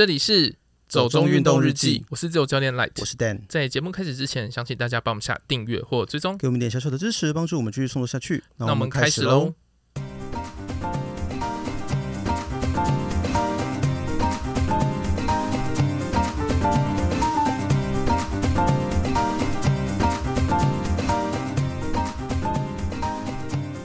這裡是走鐘運動日記，日記，我是自由教練 Light，我是 Dan。在節目開始之前，想請大家幫我們下訂閱或追蹤，給我們點小小的支持，幫助我們繼續送出下去。那我們開始嘍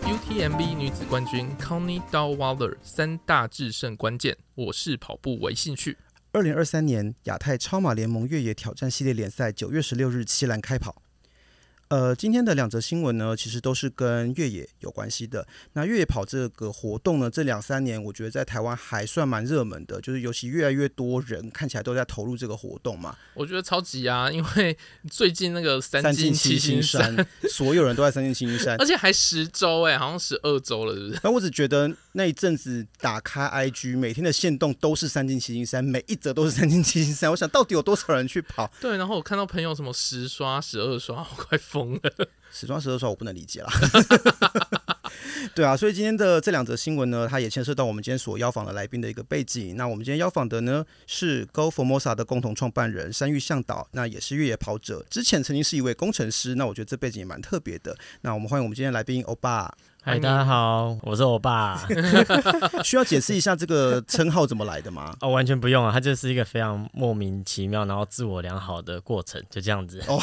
！UTMB 女子冠軍 Courtney Dauwalter 三大致勝關鍵，我視跑步為興趣。二零二三年亞太超馬聯盟越野挑戰系列聯賽九月十六日棲蘭開跑。呃，今天的兩則新聞呢，其實都是跟越野有關係的。那越野跑這個活動呢，這兩三年我覺得在台灣還算蠻熱門的，就是尤其越來越多人看起來都在投入這個活動嘛。我覺得超級啊，因為最近那個三進七,七星山，所有人都在三進七星山， 而且還十周哎、欸，好像十二周了，是不是？那我只覺得。那一陣子打開 IG，每天的限動都是三金七星三，每一則都是三金七星三。我想到底有多少人去跑？對，然後我看到朋友什麼十刷、十二刷，我快瘋了。十刷、十二刷，我不能理解了。 對啊，所以今天的這兩則新聞呢，它也牽涉到我們今天所邀訪的來賓的一個背景。那我們今天邀訪的呢是 GO Formosa 的共同創辦人山域嚮導，那也是越野跑者，之前曾經是一位工程師。那我覺得這背景也蠻特別的。那我們歡迎我們今天來賓歐霸。嗨，Hi, 大家好，我是歐巴歐霸。 需要解釋一下這個稱號怎麼來的嗎？哦，完全不用啊，他就是一個非常莫名其妙，然後自我良好的過程，就這樣子。 哦，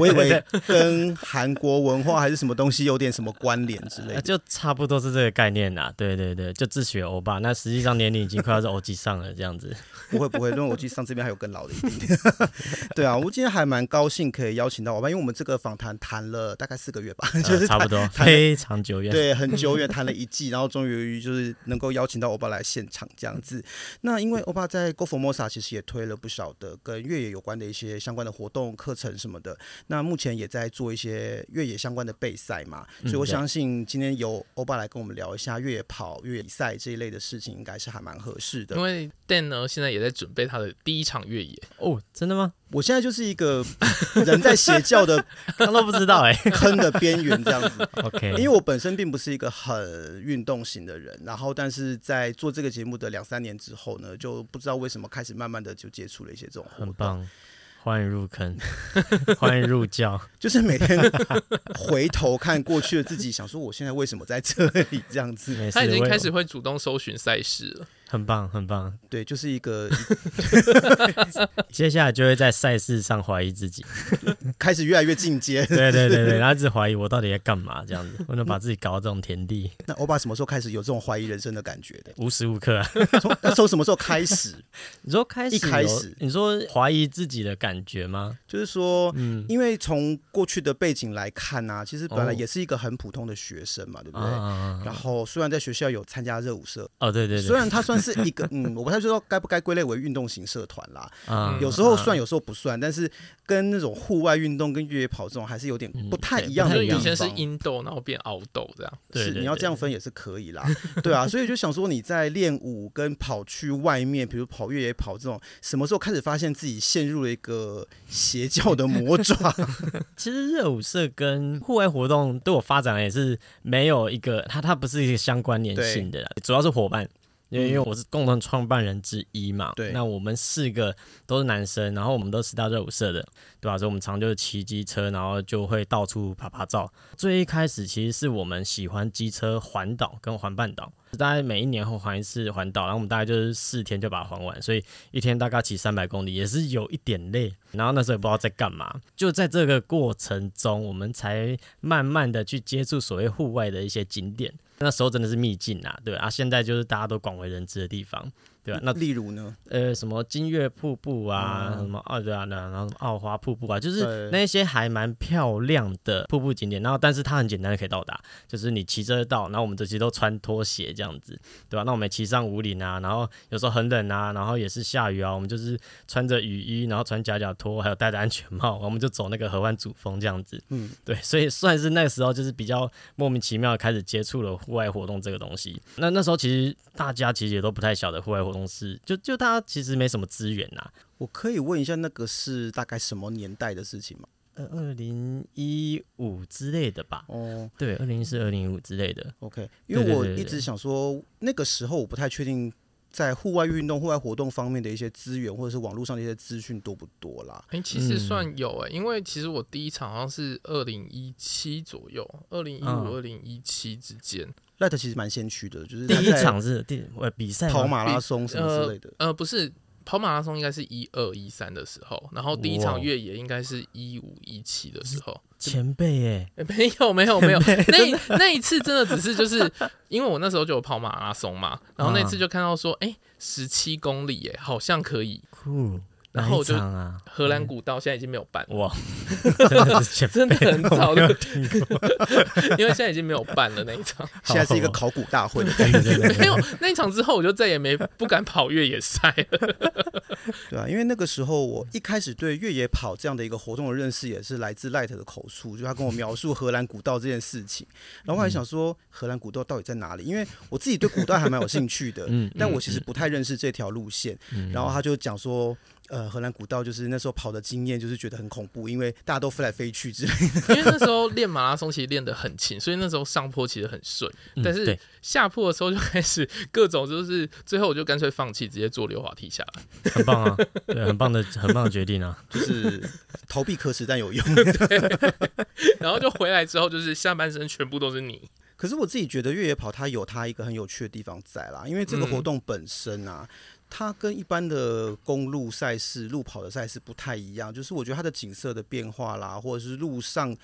我以為跟韓國文化還是什麼東西有點什麼關聯之類的，就差不多是這個概念吶、啊。對對對，就自詡歐霸，那實際上年齡已經快要是歐吉桑了這樣子。 不會不會，因為歐吉桑這邊還有更老的一點點。一 對啊，我今天還蠻高興可以邀請到歐霸，因為我們這個訪談談了大概四個月吧，就是、呃、差不多非常久。 對，很久遠 談了一季，然後終於就是能夠邀請到歐霸來現場這樣子。那因為歐霸在 GO Formosa 其實也推了不少的跟越野有關的一些相關的活動、課程什麼的。那目前也在做一些越野相關的備賽嘛，所以我相信今天由歐霸來跟我們聊一下越野跑、越野賽這一類的事情，應該是還蠻合適的。因為 Dan 呢現在也在準備他的第一場越野哦。真的嗎？我現在就是一個人在邪教的，都不知道哎，坑的邊緣這樣子。OK，因為我本身並不是一個很運動型的人，然後但是在做這個節目的兩三年之後呢，就不知道為什麼開始慢慢的就接觸了一些這種。很棒，歡迎入坑，歡迎入教。就是每天回頭看過去的自己，想說我現在為什麼在這裡這樣子？他已經開始會主動搜尋賽事了。很棒，很棒，對，就是一個，接下來就會在賽事上懷疑自己，開始越來越進階，對對對對，然後一直懷疑我到底在幹嘛這樣子，我能把自己搞到這種田地？那歐霸什麼時候開始有這種懷疑人生的感覺的？無時無刻啊，從從什麼時候開始？你說開始一開始，你說懷疑自己的感覺嗎？就是說，因為從過去的背景來看啊，其實本來也是一個很普通的學生嘛，對不對？然後雖然在學校有參加熱舞社，哦對對對，雖然他說。 但是一個嗯，我不太知道該不該歸類為運動型社團啦。啊、嗯，有時候算，啊、有時候不算。但是跟那種戶外運動、跟越野跑這種還是有點不太一樣的。嗯、以前是 indoor，然後變 outdoor 這樣。是對，對，對，你要這樣分也是可以啦。對啊，所以就想說你在練舞跟跑去外面， 比如跑越野跑這種，什麼時候開始發現自己陷入了一個邪教的魔爪？ 其實熱舞社跟戶外活動對我發展也是沒有一個，它它不是一個相關聯性的啦，對主要是夥伴。因為我是共同創辦人之一嘛，嗯、對，那我們四個都是男生，然後我們都台大熱舞社的，對吧？所以我們常就是騎機車，然後就會到處拍拍照。最一開始其實是我們喜歡機車環島跟環半島，大概每一年會環一次環島，然後我們大概就是四天就把它環完，所以一天大概騎三百公里，也是有一點累。然後那時候也不知道在幹嘛，就在這個過程中，我們才慢慢的去接觸所謂戶外的一些景點。那時候真的是秘境啊，對啊，現在就是大家都廣為人知的地方。對吧、啊？那例如呢？呃，什麼金月瀑布啊，嗯、什麼二、啊、對啊，那、啊、然後澳花瀑布啊，就是那些還蠻漂亮的瀑布景點。對然後，但是它很簡單的可以到達，就是你騎車到。然後我們這些都穿拖鞋這樣子，對吧、啊？那我們騎上武嶺啊，然後有時候很冷啊，然後也是下雨啊，我們就是穿着雨衣，然後穿夾腳拖，還有戴着安全帽，我們就走那個合歡主峰這樣子。嗯，對，所以算是那個時候就是比較莫名其妙的開始接觸了戶外活動這個東西。那那時候其實大家其實也都不太曉得戶外活。公司就就他其實沒什麼資源啊。我可以問一下那個是大概什麼年代的事情嗎？呃，二零一五之類的吧。哦，對，二零一四、二零一五之類的。OK，因為我一直想說那個時候我不太確定。在戶外運動、戶外活動方面的一些資源，或者是網絡上的一些資訊多不多啦？哎、欸，其實算有誒、欸，因為其實我第一場好像是二零一七左右，二零一五、二零一七之間，那、嗯、其實蠻先驅的，就是他第一場是一比賽跑馬拉松什麼之類的，呃，呃不是。跑馬拉松應該是一二一三的時候，然後第一場越野應該是一五一七的時候。前輩誒，沒有沒有沒有，那那一次真的只是就是， 因為我那時候就有跑馬拉松嘛，然後那次就看到說，嗯、誒，十七公里哎，好像可以。酷。然後我就、啊、荷蘭古道現在已經沒有辦了。哇，真的, 真的很早的，聽過 因為現在已經沒有辦了那一場，現在是一個考古大會的。哦、 沒有那一場之後，我就再也沒不敢跑越野賽了。 對啊，因為那個時候我一開始對越野跑這樣的一個活動的認識也是來自 Light 的口述，就是、他跟我描述荷蘭古道這件事情。然後我還想說、嗯、荷蘭古道到底在哪裡？因為我自己對古代還蠻有興趣的，嗯、但我其實不太認識這條路線。嗯嗯、然後他就講說。呃，荷蘭古道就是那時候跑的經驗，就是覺得很恐怖，因為大家都飛來飛去之類的。因為那時候練馬拉松其實練得很勤，所以那時候上坡其實很順，嗯、但是下坡的時候就開始各種，就是最後我就乾脆放棄，直接坐溜滑梯下來，很棒啊， 對，很棒的很棒的決定啊，就是逃避可恥但有用 對。然後就回來之後，就是下半身全部都是泥。可是我自己覺得越野跑它有它一個很有趣的地方在啦，因為這個活動本身啊。嗯它跟一般的公路賽事、路跑的賽事不太一樣，就是我覺得它的景色的變化啦，或者是路上、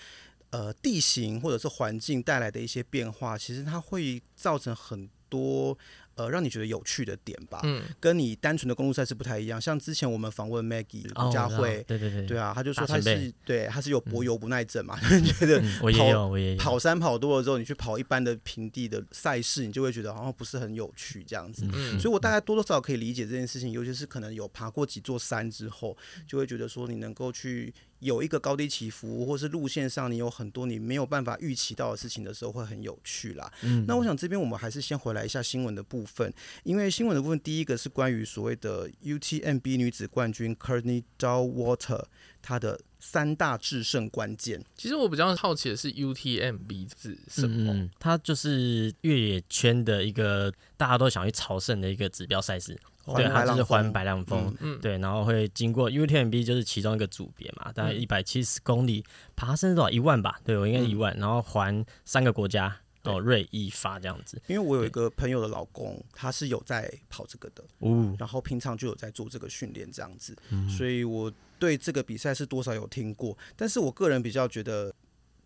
呃，地形或者是環境帶來的一些變化，其實它會造成很多。呃，讓你覺得有趣的點吧，嗯，跟你單純的公路賽事不太一樣。像之前我們訪問 Maggie 林佳慧。對對對，對啊，他就說他是對，他是有柏油不耐症嘛，覺得、嗯 跑嗯、我也我也跑山跑多了之後，你去跑一般的平地的賽事，你就會覺得好像不是很有趣這樣子。嗯、所以我大概多多少少可以理解這件事情，尤其是可能有爬過幾座山之後，就會覺得說你能夠去。有一個高低起伏，或是路線上你有很多你沒有辦法預期到的事情的時候，會很有趣啦。嗯。那我想這邊我們還是先回來一下新聞的部分，因為新聞的部分第一個是關於所謂的 UTMB 女子冠軍 Courtney Dauwalter 她的三大致勝關鍵。其實我比較好奇的是 UTMB 是什麼？嗯嗯，它就是越野圈的一個大家都想去朝聖的一個指標賽事。對，還是環白朗峰，對，峰嗯、對，然後會經過 UTMB，就是其中一個組別嘛，大概一百七十公里，嗯、爬升多少一萬吧，對我應該一萬，嗯、然後環三個國家，哦，瑞、意、法這樣子。因為我有一個朋友的老公，對他是有在跑這個的，嗯，然後平常就有在做這個訓練這樣子，嗯、所以我對這個比賽是多少有聽過，但是我個人比較覺得。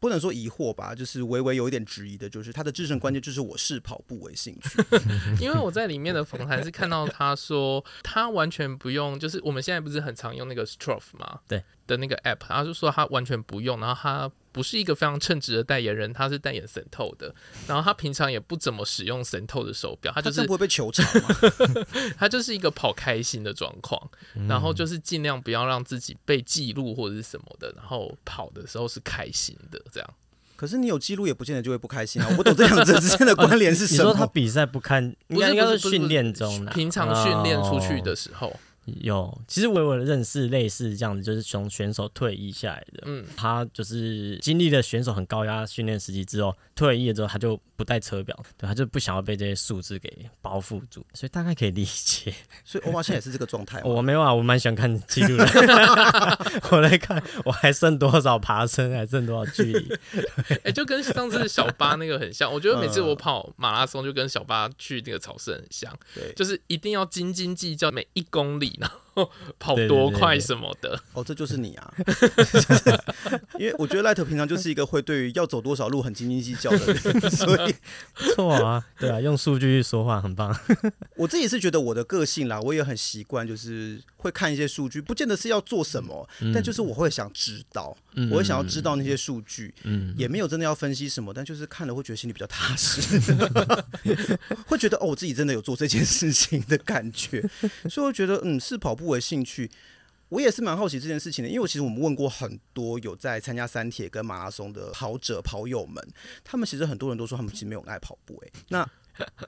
不能說疑惑吧，就是微微有一點質疑的，就是他的制勝關鍵就是我視跑步為興趣， 因為我在裡面的訪談是看到他說他完全不用，就是我們現在不是很常用那個 Strava 嘛，對的那個 app，然後就說他完全不用，然後他。不是一個非常稱職的代言人，他是代言神透的。然後他平常也不怎麼使用神透的手錶，他就是他不會被球場， 他就是一個跑開心的狀況，嗯、然後就是儘量不要讓自己被記錄或者是什麼的，然後跑的時候是開心的這樣。可是你有記錄也不見得就會不開心啊，我不懂這樣子 之間的關聯是什麼？呃、你說他比賽不堪，不是應該應該是訓練中的，啊，平常訓練出去的時候。哦有，其實我有認識類似這樣子，就是從選手退役下來的，嗯，他就是經歷了選手很高壓訓練時期之後，退役了之後他就。不帶車錶，對，他就不想要被這些數字給包覆住，所以大概可以理解。所以歐霸現在也是這個狀態。 我沒有啊，我蠻喜歡看記錄的， 我來看我還剩多少爬升，還剩多少距離。哎、欸，就跟上次小巴那個很像。我覺得每次我跑馬拉松，就跟小巴去那個超市很像，對，就是一定要斤斤計較每一公里呢。跑多快什麼的對對對對，哦，這就是你啊！ 因為我覺得 Light 平常，就是一個會對於要走多少路很斤斤計較的人，所以 錯啊，對啊，用數據去說話很棒。 我自己是覺得我的個性啦，我也很習慣，就是會看一些數據，不見得是要做什麼，嗯、但就是我會想知道。我會想要知道那些數據，嗯、也沒有真的要分析什麼，嗯、但就是看了會覺得心裡比較踏實， 會覺得哦，我自己真的有做這件事情的感覺，所以我覺得嗯，視跑步為興趣，我也是蠻好奇這件事情的，因為我其實我們問過很多有在參加三鐵跟馬拉松的跑者跑友們，他們其實很多人都說他們其實沒有愛跑步哎、欸，那。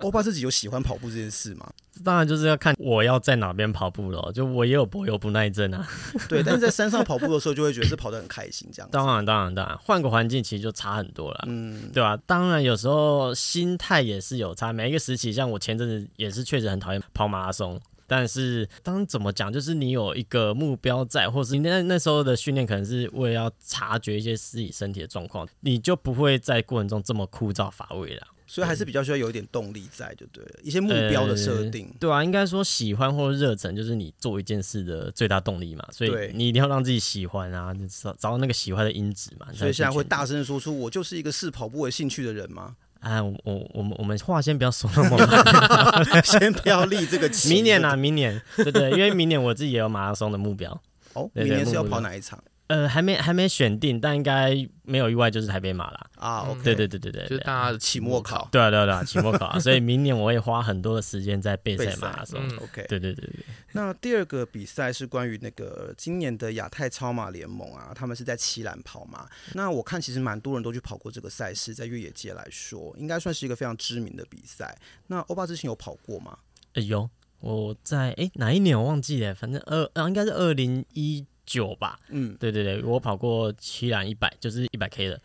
歐霸自己有喜歡跑步這件事嗎？當然就是要看我要在哪邊跑步了，喔。就我也有柏油不耐症啊， 對。但是在山上跑步的時候，就會覺得是跑得很開心這樣子。 當然，當然，當然，換個環境其實就差很多了，嗯，對吧，啊？當然，有時候心態也是有差。每一個時期，像我前陣子也是確實很討厭跑馬拉松。但是，當怎麼講，就是你有一個目標在，或是你那那時候的訓練，可能是為了要察覺一些自己身體的狀況，你就不會在過程中這麼枯燥乏味了。所以還是比較需要有一點動力在，就對一些目標的設定、呃，對啊，應該說喜歡或者熱忱就是你做一件事的最大動力嘛，所以你一定要讓自己喜歡啊，找找到那個喜歡的因子嘛。所以現在會大聲說出我就是一個視跑步為興趣的人嗎？哎、啊，我我們我，我們話先不要說那麼慢， 先不要立這個旗。 明年啊，明年對對，因為明年我自己也有馬拉松的目標。哦，對對明年是要跑哪一場？呃，還沒還沒選定，但應該沒有意外就是台北馬啦，啊。Okay, 對，對，對對對對對，就大家的期末考。對啊對啊對期、啊、末考、啊、 所以明年我會花很多的時間在備賽馬拉松、嗯。OK。對對對對。那第二個比賽是關於那個今年的亞太超馬聯盟啊，他們是在棲蘭跑嘛。那我看其實蠻多人都去跑過這個賽事，在越野界來說，應該算是一個非常知名的比賽。那歐巴之前有跑過嗎？哎呦，我在哎、欸、哪一年我忘記了，反正二、啊、應該是二零一。九吧，嗯，對對對，我跑過棲蘭一百，就是一百 K 的。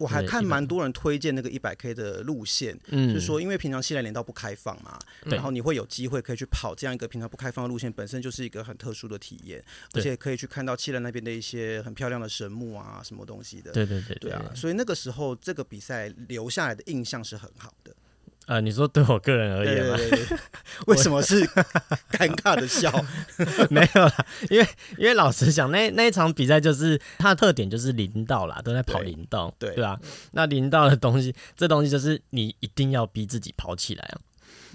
我還看蠻多人推薦那個一百 K 的路線，嗯，一百 K，就是說因為平常棲蘭林道不開放嘛，嗯、然後你會有機會可以去跑這樣一個平常不開放的路線，本身就是一個很特殊的體驗，對，而且可以去看到棲蘭那邊的一些很漂亮的神木啊，什麼東西的。對對對對啊，對啊，所以那個時候這個比賽留下來的印象是很好的。呃，你說對我個人而言嘛，為什麼是尷尬的笑？ 沒有啦，因為因為老實講，那那一場比賽就是它的特點就是林道啦，都在跑林道，對對，對啊，那林道的東西，嗯、這東西就是你一定要逼自己跑起來啊、哦。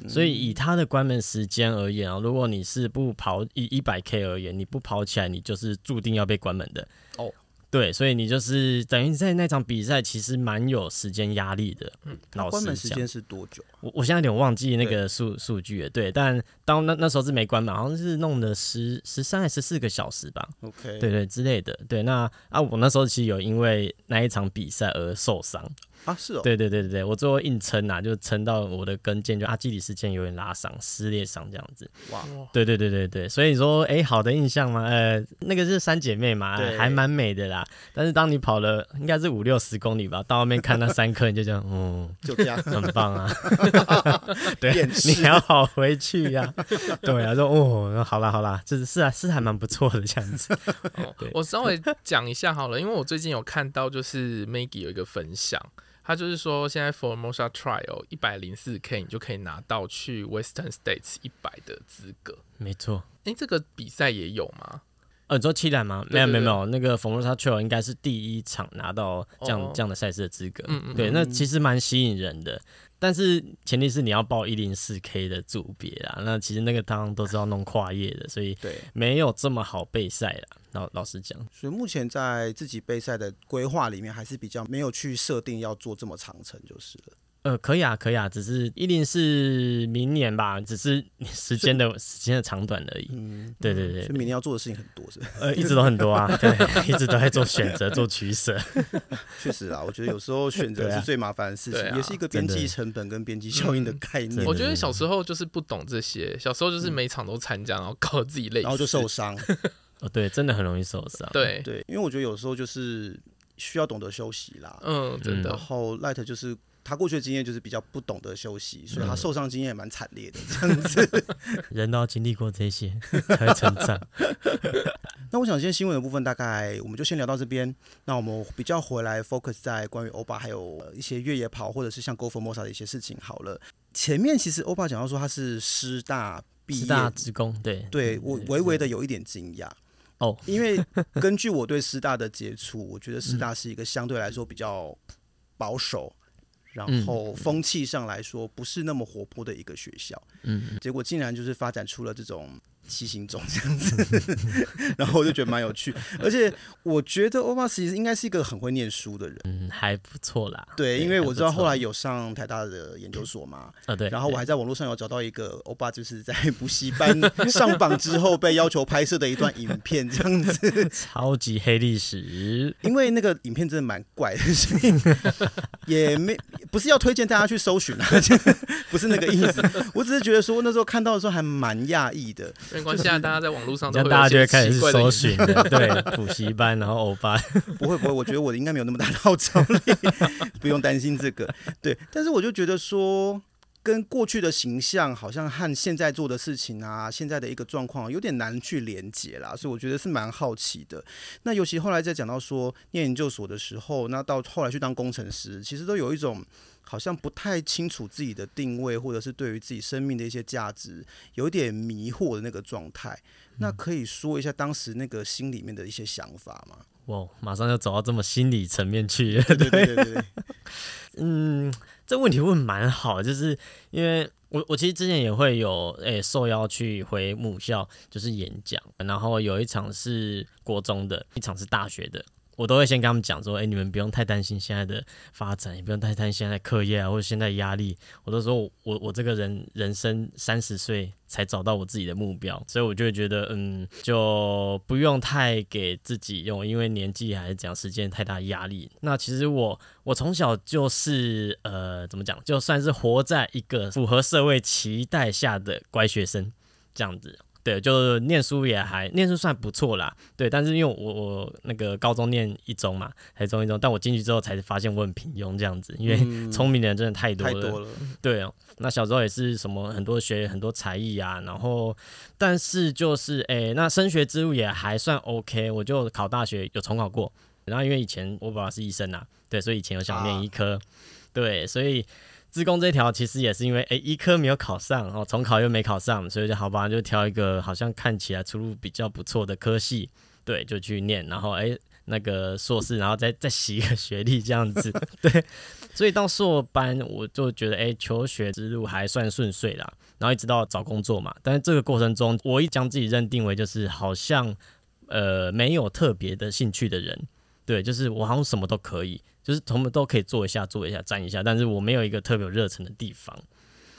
嗯、所以以它的關門時間而言啊、哦，如果你是不跑以一百 K 而言，你不跑起來，你就是注定要被關門的哦。對，所以你就是等於在那場比賽其實蠻有時間壓力的。嗯，那關門時間是多久啊？我我現在有點忘記那個數對數據了。對，但當那那時候是沒關門，好像是弄了十十三還是十四個小時吧。OK，對對之類的。對，那啊，我那時候其實有因為那一場比賽而受傷。啊，是哦，對對對對，我最後硬撐吶、啊，就撐到我的跟腱就啊，阿基里斯腱有點拉傷、撕裂傷這樣子。哇，對對對對對，所以說，哎，好的印象嘛，呃，那個是三姐妹嘛，對還蠻美的啦。但是當你跑了應該是五六十公里吧，到外面看那三顆，你就講，嗯，就這樣，嗯、就這樣很棒啊。 對，你要跑回去呀、啊。對啊，說哦，好啦好啦，就是啊是還蠻不錯的這樣子、哦。我稍微講一下好了，因為我最近有看到就是 Maggie 有一個分享。他就是說，現在 Formosa Trail 一百零四 k，你就可以拿到去 Western States 一百的資格沒錯。沒錯，誒，這個比賽也有嗎？呃、哦，你說棲蘭嗎？對對對，沒有沒有沒有，那個 Formosa Trail 應該是第一場拿到這樣、哦、這樣的賽事的資格。嗯，嗯，嗯，對，那其實蠻吸引人的。但是前提是你要報一零四 K 的組別啦，那其實那個當然都是要弄跨頁的，所以對，沒有這麼好備賽啦，老老實講，所以目前在自己備賽的規劃裡面，還是比較沒有去設定要做這麼長程就是了。呃，可以啊，可以啊，只是一定是明年吧，只是時間的時間的長短而已。嗯，對對對，所以明年要做的事情很多，是呃，一直都很多啊，對，一直都在做選擇、做取舍。確實啊，我覺得有時候選擇是最麻煩的事情，也是一個邊際成本跟邊際效應的概念。我覺得小時候就是不懂這些，小時候就是每場都參加，然後搞得自己累，然後就受傷。哦，對，真的很容易受傷。對對，因為我覺得有時候就是需要懂得休息啦，嗯，真的。然後 Light 就是。他過去的經驗就是比較不懂得休息，所以他受傷經驗也蠻慘烈的這樣子。嗯、 人都要經歷過這些才會成長。 那我想今天新聞的部分大概我們就先聊到這邊。那我們比較回來 focus 在關於歐霸還有一些越野跑或者是像 Go Formosa 的一些事情好了。前面其實歐霸講到說他是師大畢業，師大職工，對。對，我微微的有一點驚訝哦，對對對，因為根據我對師大的接觸，我覺得師大是一個相對來說比較保守。嗯嗯然後風氣上來說不是那麼活潑的一個學校，嗯，結果竟然就是發展出了這種。騎行中這樣子，然後我就覺得蠻有趣，而且我覺得歐霸其實應該是一個很會念書的人，嗯，還不錯啦。對，因為我知道後來有上台大的研究所嘛，啊對，然後我還在網絡上有找到一個歐霸就是在補習班上榜之後被要求拍攝的一段影片這樣子，超級黑歷史。因為那個影片真的蠻怪的，也沒不是要推薦大家去搜尋啊，不是那個意思，我只是覺得說那時候看到的時候還蠻訝異的。現在大家在網絡上都會、就是、大家開始搜尋， 對，補習班，然後歐霸。不會不會，我覺得我的應該沒有那麼大的號召力， 不用擔心這個，對。但是我就覺得說，跟過去的形象好像和現在做的事情啊，現在的一個狀況有點難去連接啦，所以我覺得是蠻好奇的。那尤其後來再講到說念研究所的時候，那到後來去當工程師，其實都有一種。好像不太清楚自己的定位，或者是對於自己生命的一些價值，有一點迷惑的那個狀態。那可以說一下當時那個心裡面的一些想法嗎？哇、嗯，馬上就走到這麼心理層面去了，對對，對對對對。 嗯，這問題問蠻好，就是因為我我其實之前也會有誒、欸、受邀去回母校就是演講，然後有一場是國中的，一場是大學的。我都會先跟他們講說，哎，你們不用太擔心現在的發展，也不用太擔心現在的課業啊，或者現在的壓力。我都說我，我我這個人人生三十歲才找到我自己的目標，所以我就會覺得，嗯，就不用太給自己用，因為年紀還是講時間太大壓力。那其實我我從小就是呃，怎麼講，就算是活在一個符合社會期待下的乖學生這樣子。對，就念書也還，念書算不錯啦。對，但是因為我我那個高中念一中嘛，台中一中，但我進去之後才發現我很平庸這樣子，因為聰明的人真的太多了。嗯、太多了。對，那小時候也是什麼很多學很多才藝啊，然後，但是就是，哎，那升學之路也還算 OK，我就考大學有重考過，然後因為以前我爸爸是醫生啊，對，所以以前有想念醫科，啊、對，所以。資工這條其實也是因為哎、欸，醫科沒有考上然後重考又沒考上，所以就好吧，就挑一個好像看起來出路比較不錯的科系，對，就去念，然後哎、欸，那個碩士，然後再再洗一個學歷這樣子， 對，所以到碩班我就覺得哎、欸，求學之路還算順遂啦，然後一直到找工作嘛，但是這個過程中，我一將自己認定為就是好像呃沒有特別的興趣的人。對，就是我好像什麼都可以，就是什麼都可以做一下、做一下、站一下，但是我沒有一個特別有熱忱的地方。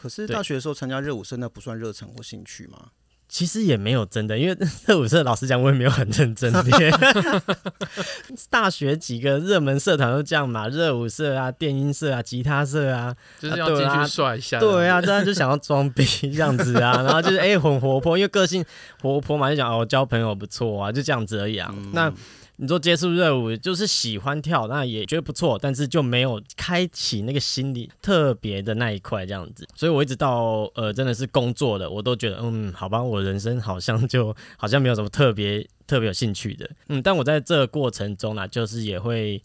可是大學的時候參加熱舞社，那不算熱忱或興趣嗎？其實也沒有真的，因為熱舞社，老實講，我也沒有很認真。 大學幾個熱門社團都這樣嘛，熱舞社啊、電音社啊、吉他社啊，就是要進去帥一下。對啊，這樣、啊啊、然就想要裝逼這樣子啊，然後就是哎，很、欸、活潑，因為個性活潑嘛，就想哦，我交朋友不錯啊，就這樣子而已啊。嗯、那。你說接觸熱舞就是喜歡跳，那也覺得不錯，但是就沒有開啟那個心裡特別的那一塊這樣子。所以我一直到呃真的是工作了，我都覺得嗯，好吧，我人生好像就好像沒有什麼特別特別有興趣的。嗯，但我在這個過程中呢，就是也會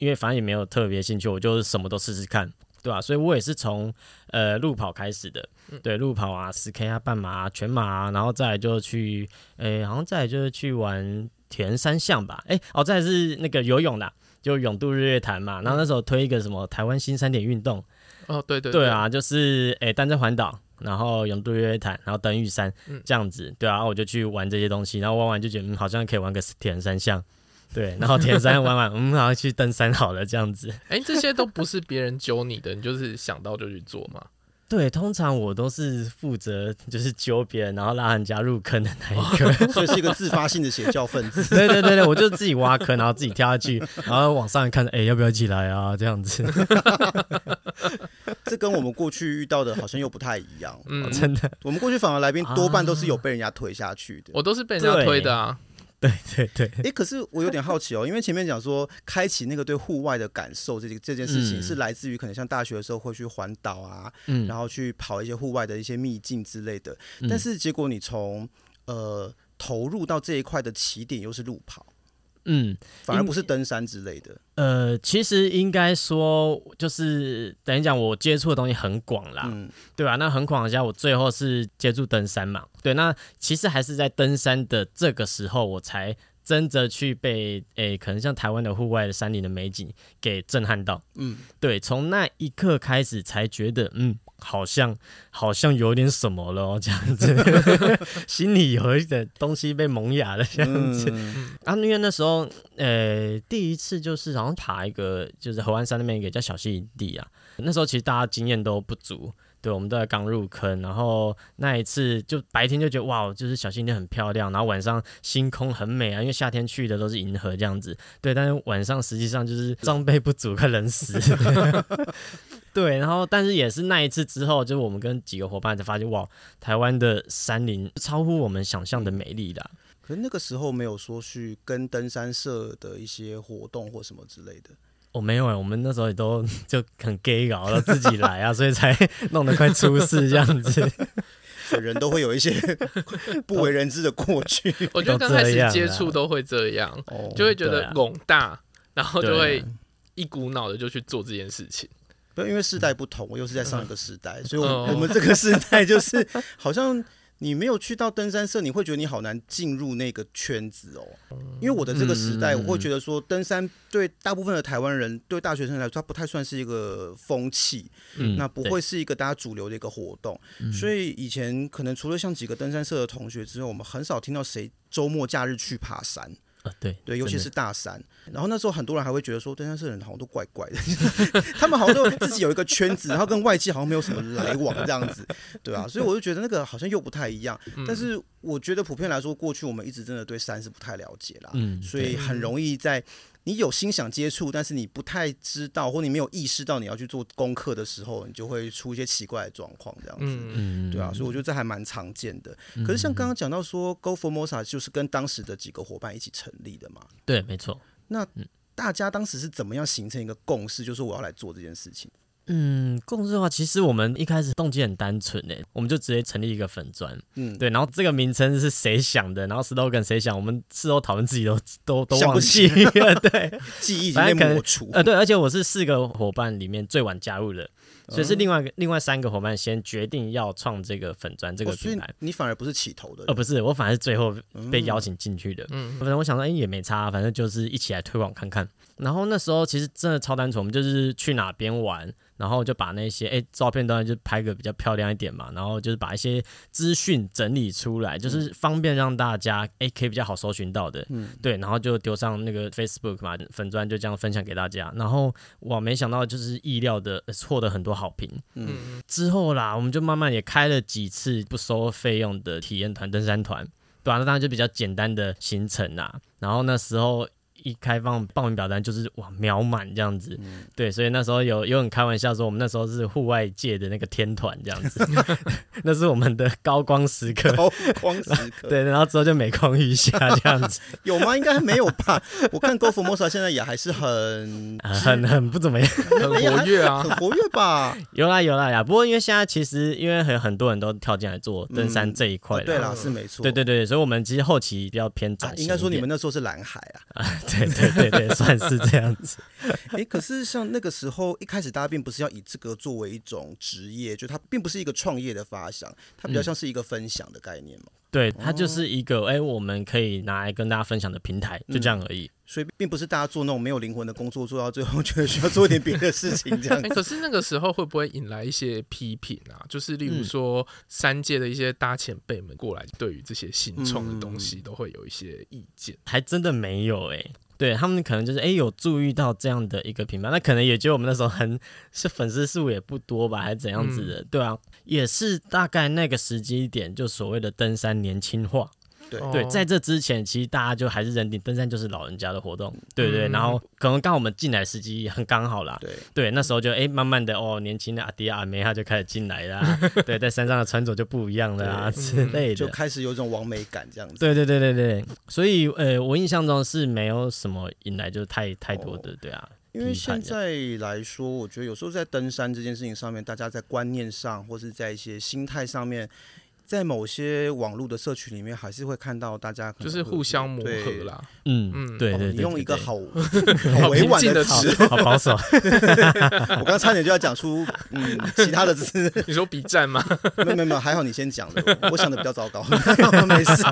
因為反正也沒有特別興趣，我就什麼都試試看，對吧？所以我也是從呃路跑開始的，嗯、對路跑啊、十 K 啊、半馬啊、全馬啊，然後再來就去誒，好像再來就是去玩鐵三項吧，哎、欸、哦，還是那個游泳啦，就泳渡日月潭嘛。然後那時候推一個什麼台灣新三鐵運動，哦對對對，對啊，就是哎、欸、單車環島，然後泳渡日月潭，然後登玉山、嗯、這樣子，對啊，我就去玩這些東西。然後玩玩就覺得嗯，好像可以玩個鐵三項，對，然後鐵三玩玩， 嗯，然後去登山好了這樣子。哎、欸，這些都不是別人揪你的， 你就是想到就去做嘛。對，通常我都是負責就是揪別人，然後拉人家入坑的那一個，就、哦、是一個自發性的邪教分子。 對對對對，我就自己挖坑，然後自己跳下去，然後往上看，哎，要不要一起來啊？這樣子， 這跟我們過去遇到的好像又不太一樣。嗯、哦，真的，我們過去訪問來賓多半都是有被人家推下去的，我都是被人家推的啊。對對對，誒、欸，可是我有點好奇哦，因為前面講說開啟那個對戶外的感受，這個這件事情是來自於可能像大學的時候會去環島啊，嗯，然後去跑一些戶外的一些秘境之類的，但是結果你從呃投入到這一塊的起點又是路跑。嗯，反而不是登山之類的。嗯、呃，其實應該說，就是等於講我接觸的東西很廣啦，嗯、對吧、啊？那很廣，加我最後是接觸登山嘛，對。那其實還是在登山的這個時候，我才真的去被，誒、欸，可能像台灣的戶外的山林的美景給震撼到。嗯，對，從那一刻開始，才覺得嗯。好像好像有點什麼了、喔、這樣子， 心裡有一點東西被萌芽了這樣子。啊，因為那時候，呃、欸，第一次就是然後爬一個，就是合歡山那邊一個叫小溪營地啊。那時候其實大家經驗都不足。對，我們都在剛入坑，然後那一次就白天就覺得哇，就是小新就很漂亮，然後晚上星空很美啊，因為夏天去的都是銀河這樣子。對，但是晚上實際上就是裝備不足，可能死。 對，然後但是也是那一次之後，就我們跟幾個伙伴才發現哇，台灣的山林超乎我們想象的美麗的。可是那個時候沒有說去跟登山社的一些活動或什麼之類的。我、哦、沒有哎、欸，我們那時候也都就很 gay 搞，然後自己來啊，所以才弄得快出事這樣子。 人都會有一些不為人知的過去， 我覺得剛開始接觸都會這樣，這樣啊、就會覺得猛大，哦啊、然後就會一股腦的就去做這件事情。對不，因為時代不同，我又是在上一個時代，嗯、所以我們這個時代就是好像。你沒有去到登山社，你會覺得你好難進入那個圈子哦。因為我的這個時代，我會覺得說，登山對大部分的台灣人，對大學生來說，它不太算是一個風氣，那不會是一個大家主流的一個活動。所以以前可能除了像幾個登山社的同學之外，我們很少聽到誰周末假日去爬山。對，尤其是大山，的然後那時候很多人還會覺得說，登山社人好像都怪怪的， 他們好像都有自己有一個圈子， 然後跟外界好像沒有什麼來往這樣子，對啊，所以我就覺得那個好像又不太一樣，嗯、但是我覺得普遍來說，過去我們一直真的對山是不太了解啦，嗯、所以很容易在。你有心想接觸，但是你不太知道，或你沒有意識到你要去做功課的時候，你就會出一些奇怪的狀況，這樣子，嗯、對啊，所以我覺得這還蠻常見的。嗯、可是像剛剛講到說，GO Formosa 就是跟當時的幾個夥伴一起成立的嘛？對，沒錯。那大家當時是怎麼樣形成一個共識，就是我要來做這件事情？嗯，共事的話，其實我們一開始動機很單純誒，我們就直接成立一個粉專，嗯，對，然後這個名稱是誰想的，然後 slogan 誰想，我們事後討論，自己都都都忘記了，不 對， 記憶已經被抹除、呃，對，而且我是四個夥伴裡面最晚加入的。所以是另外一個、嗯、另外三個夥伴先決定要創這個粉專，這個品牌，哦、你反而不是起頭的，呃，不是，我反而是最後被邀請進去的。嗯，反正我想說，哎、欸，也沒差、啊，反正就是一起來推廣看看。然後那時候其實真的超單純，我們就是去哪邊玩，然後就把那些哎、欸、照片當然就拍個比較漂亮一點嘛，然後就是把一些資訊整理出來，就是方便讓大家哎、欸、可以比較好搜尋到的。嗯，對，然後就丟上那個 Facebook 嘛，粉專就這樣分享給大家。然後我沒想到就是意料的錯的。呃很多好評，嗯，之後啦，我們就慢慢也開了幾次不收費用的體驗團、登山團，對啊，那當然就比較簡單的行程啦，然後那時候。一開放報名表單，就是哇，秒滿這樣子。嗯、對，所以那時候有有人開玩笑說，我們那時候是戶外界的那個天團這樣子， 那是我們的高光時刻。高光時刻。 對，然後之後就每況愈下這樣子。有嗎？應該沒有吧？ 我看 GO Formosa 現在也還是很很很 不怎麼樣。很活躍啊，很活躍吧？有啦有啦呀，不過因為現在其實因為很很多人都跳進來做登山這一塊、嗯啊，對啦是沒錯，對對對，所以我們其實後期比較偏窄、啊，應該說你們那時候是藍海啊。 對對對，對算是這樣子。哎、欸，可是像那個時候一開始，大家並不是要以這個作為一種職業，就它並不是一個創業的發想，它比較像是一個分享的概念嘛。嗯、對，它就是一個哎、哦欸，我們可以拿來跟大家分享的平台，就這樣而已。嗯、所以並不是大家做那種沒有靈魂的工作，做到最後覺得需要做點別的事情這樣子、欸。可是那個時候會不會引來一些批評啊？就是例如說三界的一些大前輩們過來，對於這些新創的東西都會有一些意見。嗯嗯、還真的沒有哎、欸。對，他們可能就是哎有注意到這樣的一個品牌，那可能也就我們那時候很是粉絲數也不多吧，還是怎樣子的，嗯、對啊，也是大概那個時機點，就所謂的登山年輕化。對，對，在這之前，其實大家就還是認定登山就是老人家的活動，對對。嗯、然後可能剛，剛我們進來時機很剛好了，對對。那時候就哎，慢慢的哦，年輕的阿弟阿妹他就開始進來了， 對，在山上的穿着就不一樣了啊對之類的，就開始有一種完美感這樣子。對對對對對，所以呃，我印象中是沒有什麼引來就是太太多的、哦、對啊，因為現在來說，我覺得有時候在登山這件事情上面，大家在觀念上或是在一些心態上面。在某些網路的社群裡面，還是會看到大家就是互相磨合啦。嗯對嗯，嗯對，你用一個好委婉的詞，好保守。 我剛差點就要講出嗯其他的詞，你說筆戰嗎？沒有沒有，還好你先講的我，我想的比較糟糕， 沒事。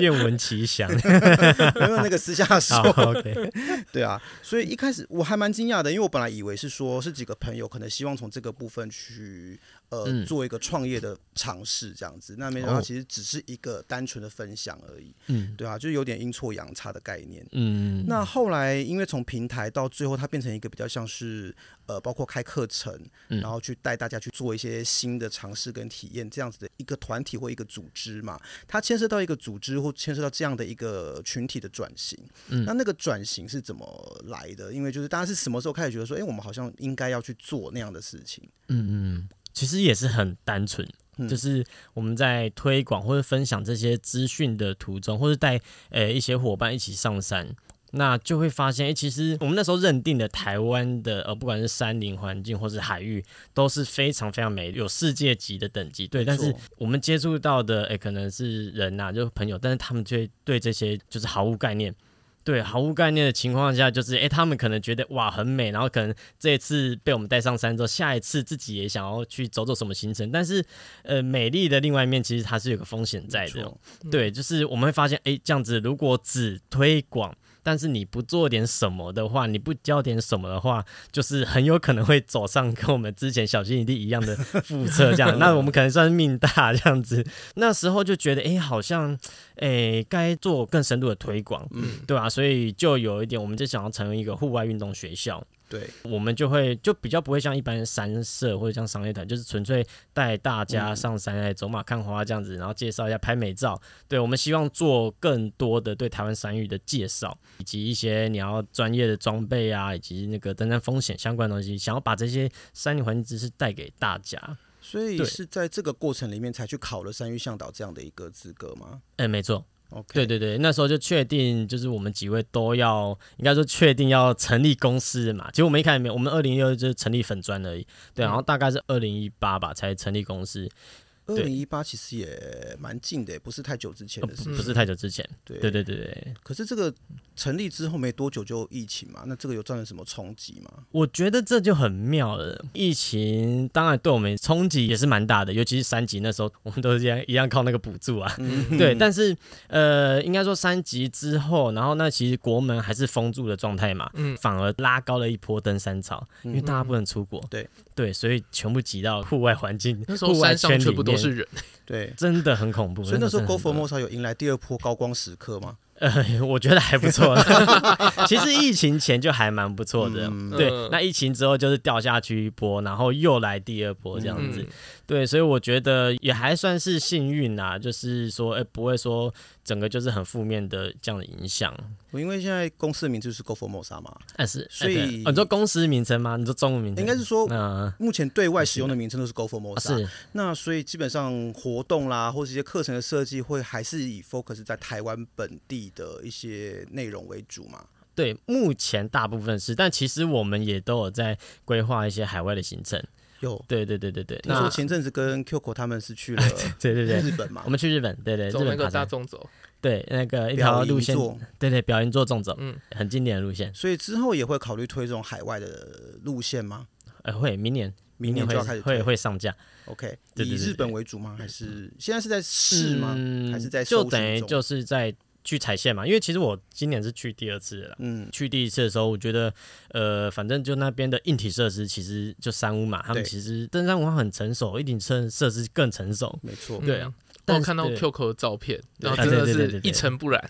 願聞其詳， 沒有那個私下說。好、oh，OK。對啊，所以一開始我還蠻驚訝的，因為我本來以為是說是幾個朋友可能希望從這個部分去。呃，嗯、做一個創業的嘗試這樣子，那沒辦法、哦、其實只是一個單純的分享而已，嗯，對啊，就有點陰錯陽差的概念，嗯。那後來，因為從平台到最後，它變成一個比較像是呃，包括開課程，嗯、然後去帶大家去做一些新的嘗試跟體驗這樣子的一個團體或一個組織嘛，它牽涉到一個組織或牽涉到這樣的一個群體的轉型。嗯、那那個轉型是怎麼來的？因為就是大家是什麼時候開始覺得說，哎、欸，我們好像應該要去做那樣的事情？嗯嗯。嗯其實也是很單純，嗯、就是我們在推廣或者分享這些資訊的途中，或是帶呃一些夥伴一起上山，那就會發現，哎、欸，其實我們那時候認定的台灣的呃，不管是山林環境或是海域，都是非常非常美，有世界級的等級。對，但是我們接觸到的，哎、欸，可能是人吶、啊，就是朋友，但是他們卻對這些就是毫無概念。對，毫無概念的情況下，就是誒、欸，他們可能覺得哇很美，然後可能這一次被我們帶上山之後，下一次自己也想要去走走什麼行程。但是，呃，美麗的另外一面其實它是有個風險在的。嗯、對，就是我們會發現，哎、欸，這樣子如果只推廣但是你不做點什麼的話，你不教點什麼的話，就是很有可能會走上跟我們之前小心翼翼一樣的覆轍，這樣。 那我們可能算是命大，這樣子。那時候就覺得，哎、欸，好像，哎、欸，該做更深度的推廣，嗯，對吧、啊？所以就有一點，我們就想要成為一個戶外運動學校。對，我們就會就比較不會像一般的山社或者像商業團，就是純粹帶大家上山來、嗯、走馬看花這樣子，然後介紹一下拍美照。對，我們希望做更多的對台灣山域的介紹，以及一些你要專業的裝備啊，以及那個登山風險相關的東西，想要把這些山域環境知識帶給大家。所以是在這個過程裡面才去考了山域嚮導這樣的一個資格嗎？哎、欸，沒錯。Okay. 對對對，那時候就確定，就是我們幾位都要，應該說確定要成立公司的嘛。其實我們一開始沒有，我們二零一六就是成立粉專而已，對，然後大概是二零一八吧才成立公司。二零一八其實也蠻近的，不是太久之前的，不是太久之前。嗯、對對對對，可是這個成立之後沒多久就疫情嘛，那這個有造成什麼衝擊嗎？我覺得這就很妙了。疫情當然對我們衝擊也是蠻大的，尤其是三級那時候，我們都是這樣一樣靠那個補助啊。嗯、對，嗯、但是呃，應該說三級之後，然後那其實國門還是封住的狀態嘛，嗯、反而拉高了一波登山潮，因為大家不能出國。嗯、對對，所以全部擠到戶外環境，戶外圈裡。不多。是人對真真，真的很恐怖。所以那時候 GO Formosa 有迎來第二波高光時刻嗎？呃，我覺得還不錯。 其實疫情前就還蠻不錯的，嗯、對。呃、那疫情之後就是掉下去一波，然後又來第二波這樣子。嗯嗯對，所以我覺得也還算是幸運啦、啊。就是說，哎，不會說整個就是很負面的這樣的影響。我因為現在公司的名字是 Go for More 沙嘛，但是，所以、哦、你說公司名稱嗎？你說中文名稱？應該是說，嗯、呃，目前對外使用的名稱都是 Go for More 沙、啊。是，那所以基本上活動啦，或者一些課程的設計，會還是以 Focus 在台灣本地的一些內容為主嘛？對，目前大部分是，但其實我們也都有在規劃一些海外的行程。有對對對對對，聽說前陣子跟 QQ 他們是去了，對對對，日本嘛，我們去日本，對對，走那個大縱走，對那個一條路線，對對，表銀座縱走，嗯，很經典的路線，所以之後也會考慮推這種海外的路線嗎？呃，會，明年明年就要開始會會上架，OK，以日本為主嗎？還是現在是在試嗎？還是在就等於就是在。去踩線嘛，因為其實我今年是去第二次了。嗯，去第一次的時候，我覺得，呃，反正就那邊的硬體設施其實就三五嘛，對他們其實登山文化很成熟，一定設設施更成熟，沒錯錯，對啊。嗯我看到 Q q 的照片，對然後真的是一塵不染，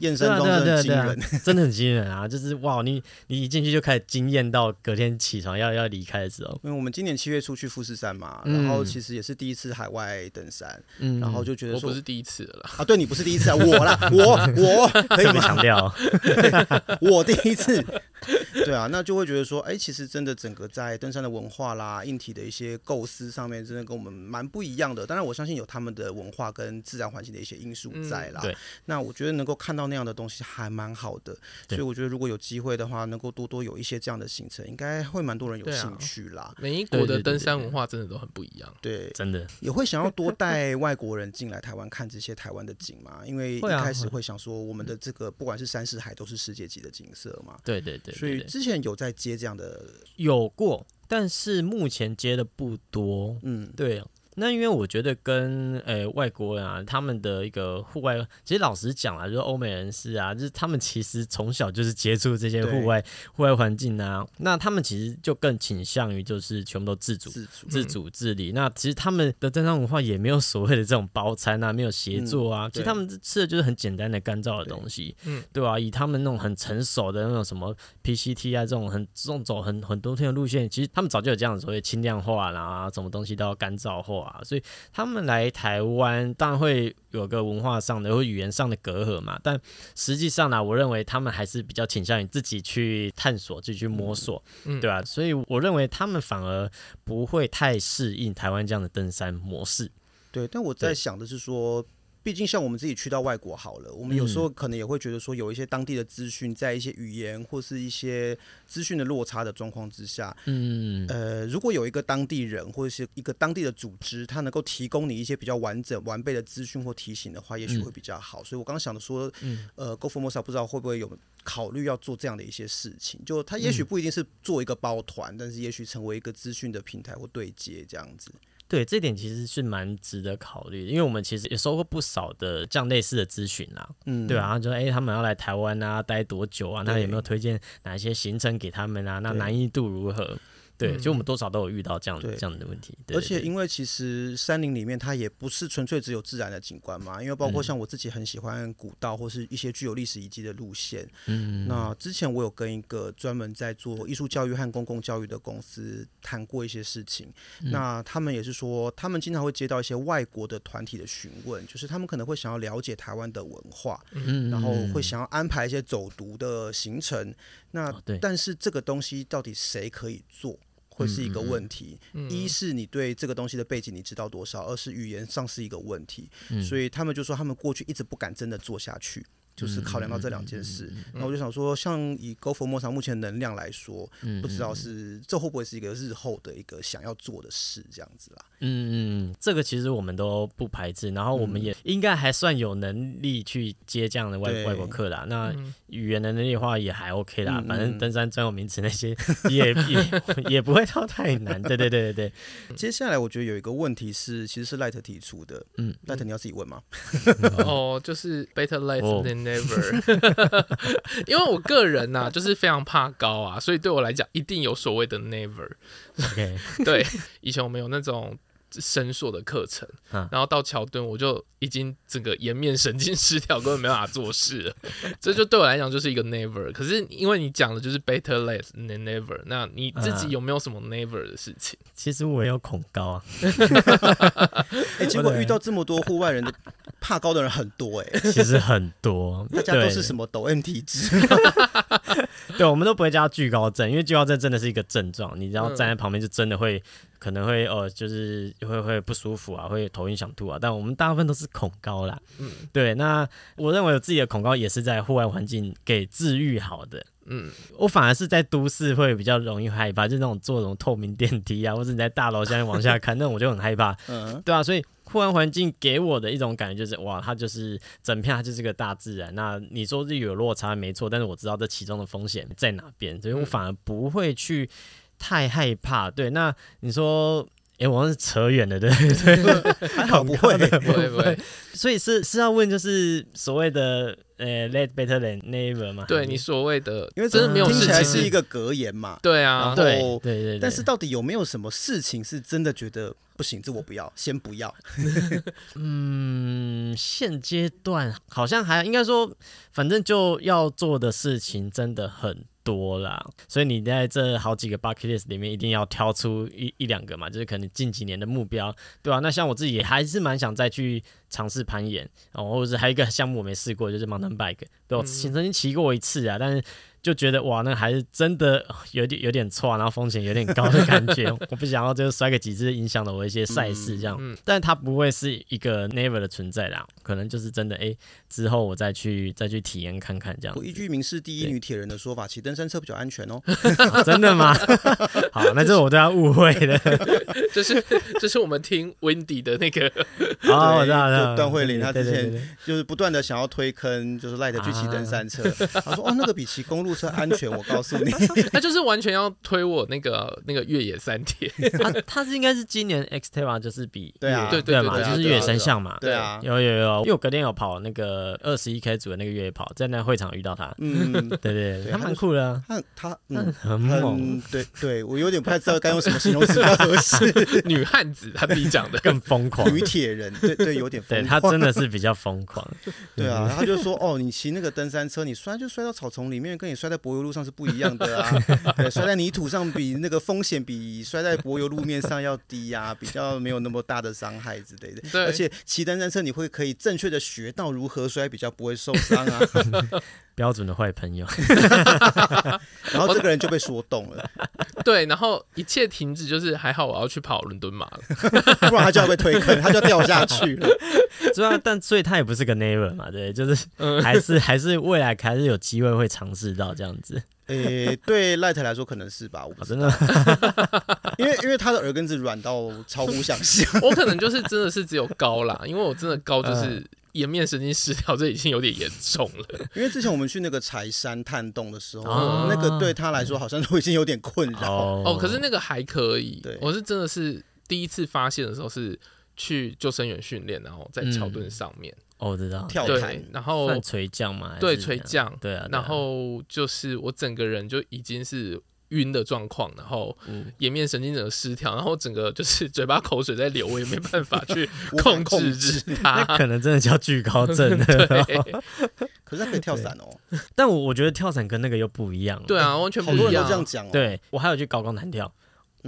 眼神 中真的很驚人，啊啊啊啊，真的很驚人啊！就是哇，你你一進去就開始驚豔，到隔天起床要要離開的時候。因為我們今年七月出去富士山嘛，然後其實也是第一次海外登山，嗯、然後就覺得說，我不是第一次了啊，對你不是第一次啊，我啦，我 我可以強調， 我第一次。 對啊，那就會覺得說，哎、欸，其實真的整個在登山的文化啦、硬體的一些構思上面，真的跟我們蠻不一樣的。當然，我相信有他們的文化跟自然環境的一些因素在啦。嗯、那我覺得能夠看到那樣的東西還蠻好的。所以我覺得如果有機會的話，能夠多多有一些這樣的行程，應該會蠻多人有興趣啦。啊、每一國的登山文化真的都很不一樣。對，對，對，對，對，真的 也會想要多帶外國人進來台灣看這些台灣的景嘛？因為一開始會想說，我們的這個、嗯、不管是山、是海，都是世界級的景色嘛。對對對。所以之前有在接這樣的，對對對，有過，但是目前接的不多。嗯，對。那因為我覺得跟呃、欸、外國人啊，他們的一個戶外，其實老實講啊，就是歐美人士啊，就是他們其實從小就是接觸這些戶外戶對外環境啊，那他們其實就更傾向於就是全部都自主、自主，自，主、嗯、自理。那其實他們的登山文化也沒有所謂的這種包餐啊，沒有協作啊，嗯、其實他們吃的就是很簡單的乾燥的東西，嗯，對啊，以他們那種很成熟的那種什麼 PCT 啊這種很這種走很很多天的路線，其實他們早就有這樣的所謂輕量化啦、啊，什麼東西都要乾燥或、啊。所以他們來台灣，當然會有個文化上的或語言上的隔閡嘛。但實際上呢、啊，我認為他們還是比較傾向於自己去探索，自己去摸索，嗯、對吧、啊？所以我認為他們反而不會太適應台灣這樣的登山模式。對，但我在想的是說。畢竟，像我們自己去到外國好了，我們有時候可能也會覺得說，有一些當地的資訊，在一些語言或是一些資訊的落差的狀況之下，嗯，呃，如果有一個當地人或者是一個當地的組織，他能夠提供你一些比較完整完備的資訊或提醒的話，也許會比較好。嗯，所以我剛剛想的說，呃，GO Formosa，不知道會不會有考慮要做這樣的一些事情？就他也許不一定是做一個包團，但是也許成為一個資訊的平台或對接這樣子。對，這點其實是蠻值得考慮的，因為我們其實也收過不少的這樣類似的諮詢啦，嗯，對啊，就說，哎，他們要來台灣啊，待多久啊？對那有沒有推薦哪一些行程給他們啊？那難易度如何？對，就我們多少都有遇到這樣的、嗯、這樣的問題，而且因為其實山林裡面它也不是純粹只有自然的景觀嘛，因為包括像我自己很喜歡古道或是一些具有歷史遺跡的路線。嗯，那之前我有跟一個專門在做藝術教育和公共教育的公司談過一些事情，嗯、那他們也是說，他們經常會接到一些外國的團體的詢問，就是他們可能會想要了解台灣的文化，嗯、然後會想要安排一些走讀的行程。那但是這個東西到底誰可以做，會是一個問題。一是你對這個東西的背景你知道多少，二是語言上是一個問題。所以他們就說，他們過去一直不敢真的做下去。就是考量到這兩件事，然後我就想說，像以 GO Formosa 上目前能量來說，不知道是這會不會是一個日後的一個想要做的事，這樣子啦。嗯嗯，這個其實我們都不排斥，然後我們也應該還算有能力去接這樣的外外國客啦。那語言的能力的話也還 OK 啦，反正登山專有名詞那些也也也不會到太難。對對對對對。接下來我覺得有一個問題是，其實是 Light 提出的。嗯，Light 你要自己問嗎？哦，就是 Better Late。Never， 因為我個人吶、啊，就是非常怕高啊，所以對我來講，一定有所謂的 Never。OK， 對，以前我們有那種繩索的課程，嗯、然後到橋墩，我就已經整個顏面神經失調，根本沒辦法做事了。這就對我來講，就是一個 Never。可是因為你講的就是 Better late than Never，那你自己有沒有什麼 Never 的事情？其實我也有恐高啊。哎、 欸，結果遇到這麼多戶外人的。 怕高的人很多哎、欸，其實很多， 大家都是什麼抖 M 體質？ 對，我們都不會叫懼高症，因為懼高症真的是一個症狀，你知道站在旁邊就真的會，可能會呃，就是會會不舒服啊，會頭暈想吐啊。但我們大部分都是恐高啦，嗯，對。那我認為有自己的恐高也是在戶外環境給治癒好的，嗯，我反而是在都市會比較容易害怕，就那種坐那種透明電梯啊，或者你在大樓下面往下看， 那種我就很害怕，嗯，對吧、啊？所以。戶外環境給我的一種感覺就是，哇，它就是整片，它就是一個大自然。那你說是有落差，沒錯，但是我知道這其中的風險在哪邊，所以我反而不會去太害怕。對，那你說，哎、欸，我好像是扯遠了，對對，還好不會 不會不會。所以是是要問，就是所謂的呃，“late better than never” 嗎？對，你所謂的，嗯、因為真的沒有聽起來是一個格言嘛？對啊，後對對對。但是到底有沒有什麼事情是真的覺得？不行，我不要，先不要。 嗯，現階段好像還應該說，反正就要做的事情真的很多啦。所以你在這好幾個 bucket list 裡面，一定要挑出一一兩個嘛，就是可能近幾年的目標，對啊，那像我自己還是蠻想再去嘗試攀岩哦，或者還有一個項目我沒試過，就是 mountain bike，對、啊，我、嗯、曾經騎過一次啊，但是。就覺得哇，那還是真的有點有點錯，然後風險有點高的感覺。 我不想要就是摔個幾次，影響了我一些賽事這樣。嗯嗯、但它不會是一個 never 的存在啦，可能就是真的哎、欸，之後我再去再去體驗看看這樣。依據名士第一女鐵人的說法，騎對登山車比較安全哦。 啊、真的嗎？ 好，那這我都要、 就是我對他誤會了。這是這是我們聽 Windy 的那個、 哦，好我知道了。段慧琳她之前就是不斷的想要推坑，就是賴着去騎登山車。她、啊、說哦，那個比騎公路。不安全，我告訴你，他就是完全要推我那個那個越野三鐵，他他是應該是今年 Xterra 就是比對啊對對對，就是越野三項嘛，對啊，有有有，因為我隔天有跑那個二十一 K 組的那個越野跑，在那會場遇到他，嗯對對，他蠻酷的，他他嗯很猛，對對，我有點不太知道該用什麼形容詞說。是女漢子，她比你講的更瘋狂，女鐵人，對對，有點瘋狂，他真的是比較瘋狂，對啊，他就說哦，你騎那個登山車你摔就摔到草叢裡面跟你，摔在柏油路上是不一樣的啊，對，摔在泥土上比那個風險比摔在柏油路面上要低啊，比較沒有那麼大的傷害，之類的，對。而且騎登山車你會可以正確的學到如何摔，比較不會受傷啊。 標準的壞朋友， 然後這個人就被說動了。 對，然後一切停止，就是還好我要去跑倫敦馬了， 不然他就要被推坑， 他就要掉下去了。對啊，但所以他也不是個 never 嘛，對，就是還是、嗯、還是未來還是有機會會嘗試到這樣子。誒、欸，對 Light 來說可能是吧，我不知道，我真的， 因為因為他的耳根子軟到超乎想象。我可能就是真的是只有高啦，因為我真的高就是。嗯顏面神經失調，這已經有點嚴重了。 因為之前我們去那個柴山探洞的時候，哦、那個對他來說好像都已經有點困擾。哦，哦，可是那個還可以。對我是真的是第一次發現的時候是去救生員訓練，然後在橋墩上面。嗯、哦，跳台，然後垂降嘛？對，垂降。對啊，對啊對啊，然後就是我整個人就已經是。暈的狀況，然後顏面神經整個失調，然後整個就是嘴巴口水在流，我也沒辦法去控制它， 控制 可能真的叫懼高症。 對， 可是他可以跳傘哦。但我我覺得跳傘跟那個又不一樣。對啊，完全不一樣。欸、好多人都這樣講、哦。對我還有句高空彈跳。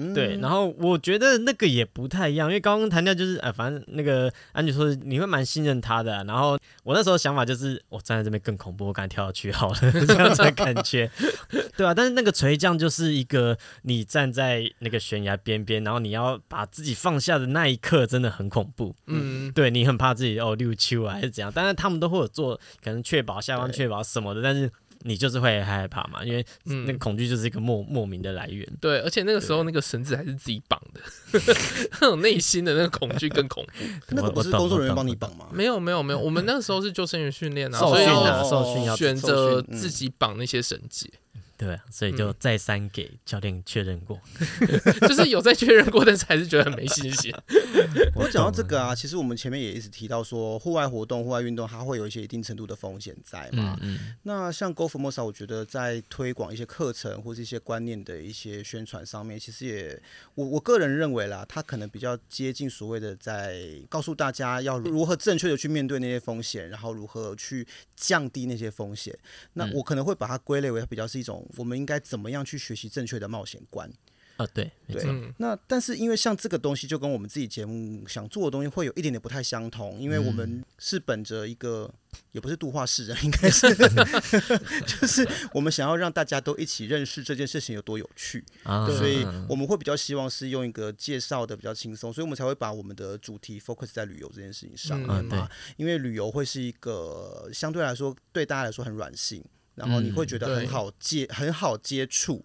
對，然後我覺得那個也不太一樣，因為剛剛談到就是，哎、呃，反正那個安吉說你會蠻信任他的、啊，然後我那時候想法就是，我站在這邊更恐怖，我趕緊跳下去好了， 這樣子的感覺， 對啊。但是那個垂降就是一個你站在那個懸崖邊邊，然後你要把自己放下的那一刻真的很恐怖，嗯，對你很怕自己哦溜秋啊還是怎樣，但是他們都會有做，可能確保下方確保什麼的，對但是。你就是會害怕嘛，因為那個恐懼就是一個莫莫名的來源、嗯。對，而且那個時候那個繩子還是自己綁的，那種內心的那個恐懼更恐怖。 那個不是工作人員幫你綁嗎？沒有，沒有，沒有，嗯、我們那個時候是救生員訓練啊，所以要選擇自己綁那些繩子。對、啊，所以就再三給教練確認過，嗯、 就是有在確認過的，還是覺得很沒信心。 我講到這個啊，其實我們前面也一直提到說，戶外活動、戶外運動它會有一些一定程度的風險在嘛。嗯嗯、那像 GO Formosa 我覺得在推廣一些課程或是一些觀念的一些宣傳上面，其實也我我個人認為啦，它可能比較接近所謂的在告訴大家要如何正確的去面對那些風險，然後如何去降低那些風險。那我可能會把它歸類為它比較是一種。我們應該怎麼樣去學習正確的冒險觀啊？對，對。嗯、那但是因為像這個東西，就跟我們自己節目想做的東西會有一點點不太相同，因為我們是本着一個、嗯、也不是度化世人，應該是 就是我們想要讓大家都一起認識這件事情有多有趣啊對。所以我們會比較希望是用一個介紹的比較輕鬆，所以我們才會把我們的主題 focus 在旅遊這件事情上面嘛、嗯、啊、對因為旅遊會是一個、呃、相對來說對大家來說很軟性。然後你會覺得很好接、嗯、很好接觸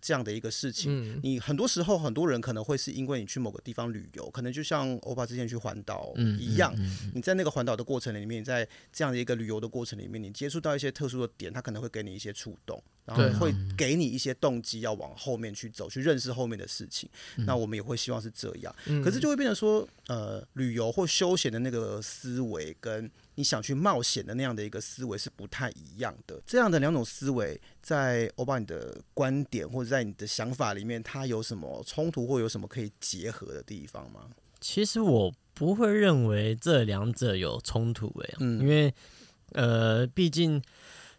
這樣的一個事情，嗯、你很多時候很多人可能會是因為你去某個地方旅遊，可能就像歐霸之前去環島一樣，嗯嗯嗯嗯、你在那個環島的過程裡面，你在這樣的一個旅遊的過程裡面，你接觸到一些特殊的點，他可能會給你一些觸動，然後會給你一些動機要往後面去走，去認識後面的事情。嗯、那我們也會希望是這樣，嗯嗯、可是就會變成說，呃，旅遊或休閒的那個思維跟。你想去冒險的那樣的一個思維是不太一樣的。這樣的兩種思維，在歐霸你的觀點或者在你的想法裡面，它有什麼衝突或有什麼可以結合的地方嗎？其實我不會認為這兩者有衝突誒、欸，嗯，因為呃，畢竟。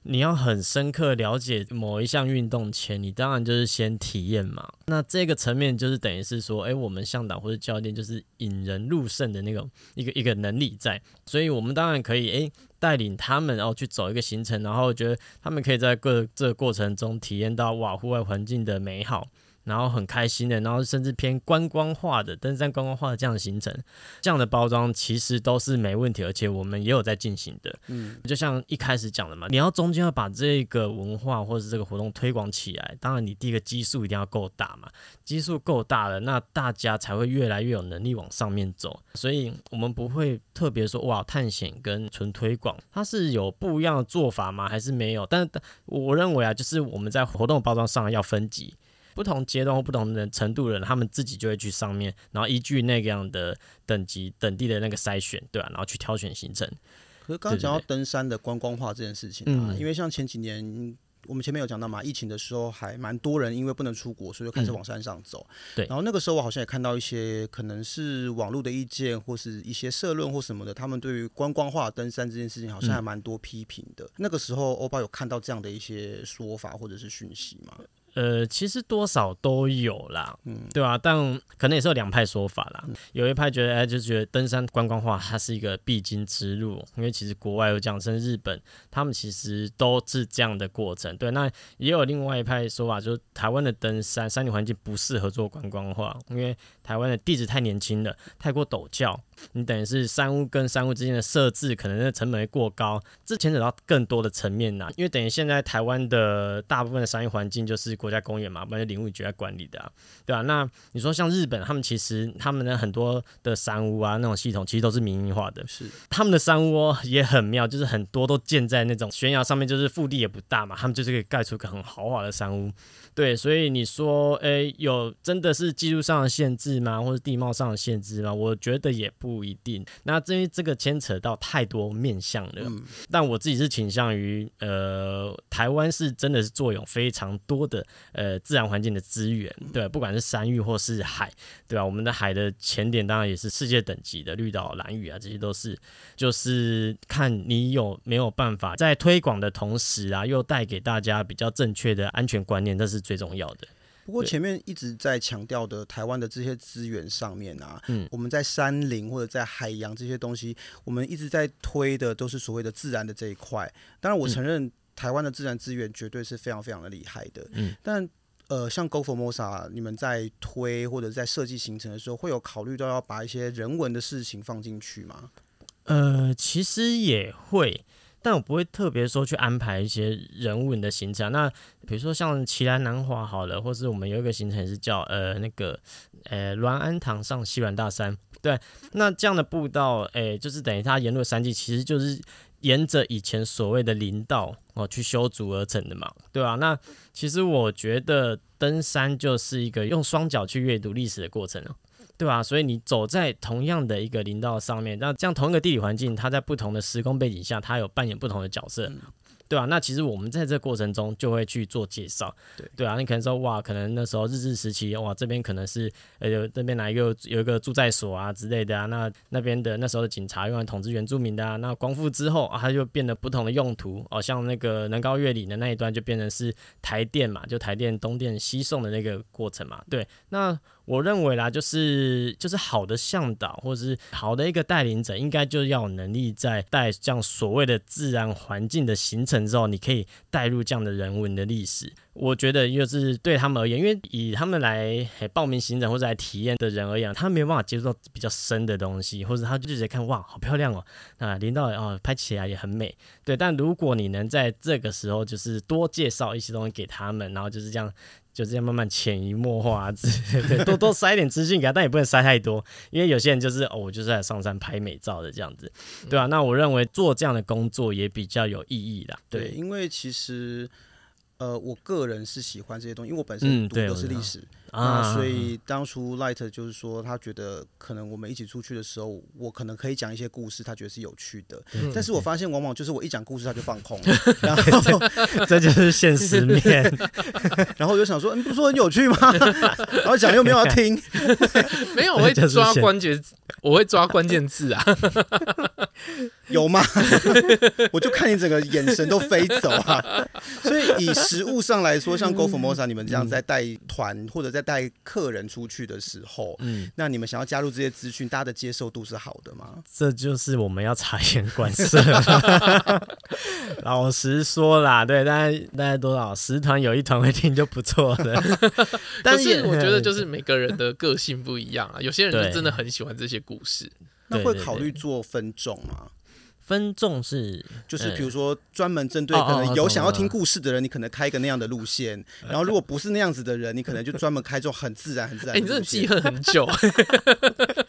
你要很深刻了解某一項運動前，你當然就是先體驗嘛。那這個層面就是等於是說，哎、欸，我們向導或者教練就是引人入勝的那種一個一個能力在，所以我們當然可以哎帶、欸、領他們然後、哦、去走一個行程，然後覺得他們可以在各這個過程中體驗到哇戶外環境的美好。然後很開心的，然後甚至偏觀光化的登山觀光化的這樣的行程，這樣的包裝其實都是沒問題，而且我們也有在進行的。嗯，就像一開始講的嘛，你要中間要把這個文化或是這個活動推廣起來，當然你第一個基數一定要夠大嘛，基數夠大了，那大家才會越來越有能力往上面走。所以，我們不會特別說哇，探險跟純推廣它是有不一樣的做法嗎？還是沒有？但我認為啊，就是我們在活動包裝上要分級。不同階段或不同人程度的人，他們自己就會去上面，然後依據那個樣的等級等地的那個篩選，對吧，啊？然後去挑選行程。可是剛剛講到登山的觀光化這件事情啊，嗯、因為像前幾年我們前面有講到嘛，疫情的時候還蠻多人因為不能出國，所以就開始往山上走。嗯、對。然後那個時候我好像也看到一些可能是網絡的意見或是一些社論或什麼的，他們對於觀光化登山這件事情好像還蠻多批評的。嗯、那個時候歐霸有看到這樣的一些說法或者是訊息嗎？呃，其實多少都有啦，嗯，對啊，但可能也是有兩派說法啦。有一派覺得，哎、欸，就覺得登山觀光化它是一個必經之路，因為其實國外有講，甚至日本，他們其實都是這樣的過程。對，那也有另外一派說法，就是台灣的登山山林環境不適合做觀光化，因為。台灣的地質太年輕了，太過陡峭，你等於是山屋跟山屋之間的設置，可能的成本會過高，這牽扯到更多的層面呢、啊、因為等於現在台灣的大部分的山域環境就是國家公園嘛，不然就林務局來管理的、啊，對啊。那你說像日本，他們其實他們的很多的山屋啊，那種系統其實都是民營化的，是他們的山屋也很妙，就是很多都建在那種懸崖上面，就是腹地也不大嘛，他們就是可以蓋出一個很豪華的山屋，對。所以你說，哎、欸，有真的是技術上的限制。嗎？或者地貌上的限制嗎？我覺得也不一定。那至於這個牽扯到太多面向了，嗯、但我自己是傾向於，呃，台灣是真的是坐擁非常多的，呃，自然環境的資源，對，不管是山域或是海，對吧？我們的海的潛點當然也是世界等級的綠島蘭嶼啊，這些都是，就是看你有沒有辦法在推廣的同時啊，又帶給大家比較正確的安全觀念，這是最重要的。不過前面一直在強調的對台灣的這些資源上面啊，嗯、我們在山林或者在海洋這些東西，我們一直在推的都是所謂的自然的這一塊。當然，我承認台灣的自然資源絕對是非常非常的厲害的。嗯、但呃，像 GO Formosa 你們在推或者在設計行程的時候，會有考慮到要把一些人文的事情放進去嗎？呃，其實也會。但我不會特別說去安排一些人文的行程、啊。那比如說像奇萊南華好了，或是我們有一個行程是叫呃那個呃鸞安堂上西巒大山，對，那這樣的步道，哎，就是等於它沿路的山脊其實就是沿着以前所謂的林道哦去修築而成的嘛，對吧、啊？那其實我覺得登山就是一個用雙腳去閱讀歷史的過程、啊對啊，所以你走在同樣的一個林道上面，那這樣同一個地理環境，它在不同的時空背景下，它有扮演不同的角色，嗯、對啊，那其實我們在這過程中就會去做介紹，對,對啊。你可能說，哇，可能那時候日治時期，哇，這邊可能是呃這邊來一個有一個駐在所啊之類的啊，那那邊的那時候的警察用來統治原住民的啊，那光復之後啊，它就變得不同的用途哦，像那個能高越嶺的那一段就變成是台電嘛，就台電東電西送的那個過程嘛，對，嗯、那。我認為啦，就是就是好的向導或者是好的一個帶領者，應該就要有能力在帶這樣所謂的自然環境的行程之後，你可以帶入這樣的人文的歷史。我覺得就是對他們而言，因為以他們來、欸、報名行程或者來體驗的人而言，他沒有辦法接觸到比較深的東西，或者他就直接看哇，好漂亮哦、喔，那林道哦、喔，拍起來也很美。對，但如果你能在這個時候就是多介紹一些東西給他們，然後就是這樣。就這樣慢慢潛移默化，多多塞一點資訊給他，但也不能塞太多，因為有些人就是哦，我就是在上山拍美照的這樣子，對啊。那我認為做這樣的工作也比較有意義啦。對，對，因為其實，呃，我個人是喜歡這些東西，因為我本身讀的都是歷史。嗯嗯、啊，所以當初 Light 就是說，他覺得可能我們一起出去的時候，我可能可以講一些故事，他覺得是有趣的。嗯、但是我發現，往往就是我一講故事，他就放空了，嗯、然後這就是現實面。 然後又想說，你、嗯、不是說很有趣嗎？然後講又沒有要聽， 沒有，我會抓關節，我會抓關鍵字啊。 有嗎？ 我就看你整個眼神都飛走啊。所以以實務上來說，像 GO Formosa、嗯、你們這樣在帶團、嗯、或者在帶客人出去的時候，嗯，那你們想要加入這些資訊，大家的接受度是好的嗎？這就是我們要察言觀色。 老實說啦，對，大概大概多少十團有一團會聽就不錯了。 但也是我覺得就是每個人的個性不一樣啊，有些人就真的很喜歡這些故事，對那會考慮做分眾嗎？對對對分眾是，就是比如說專門針對可能有想要聽故事的人，你可能開一個那樣的路線；然後如果不是那樣子的人，你可能就專門開這種很自然、很自然。哎，你這記恨很久。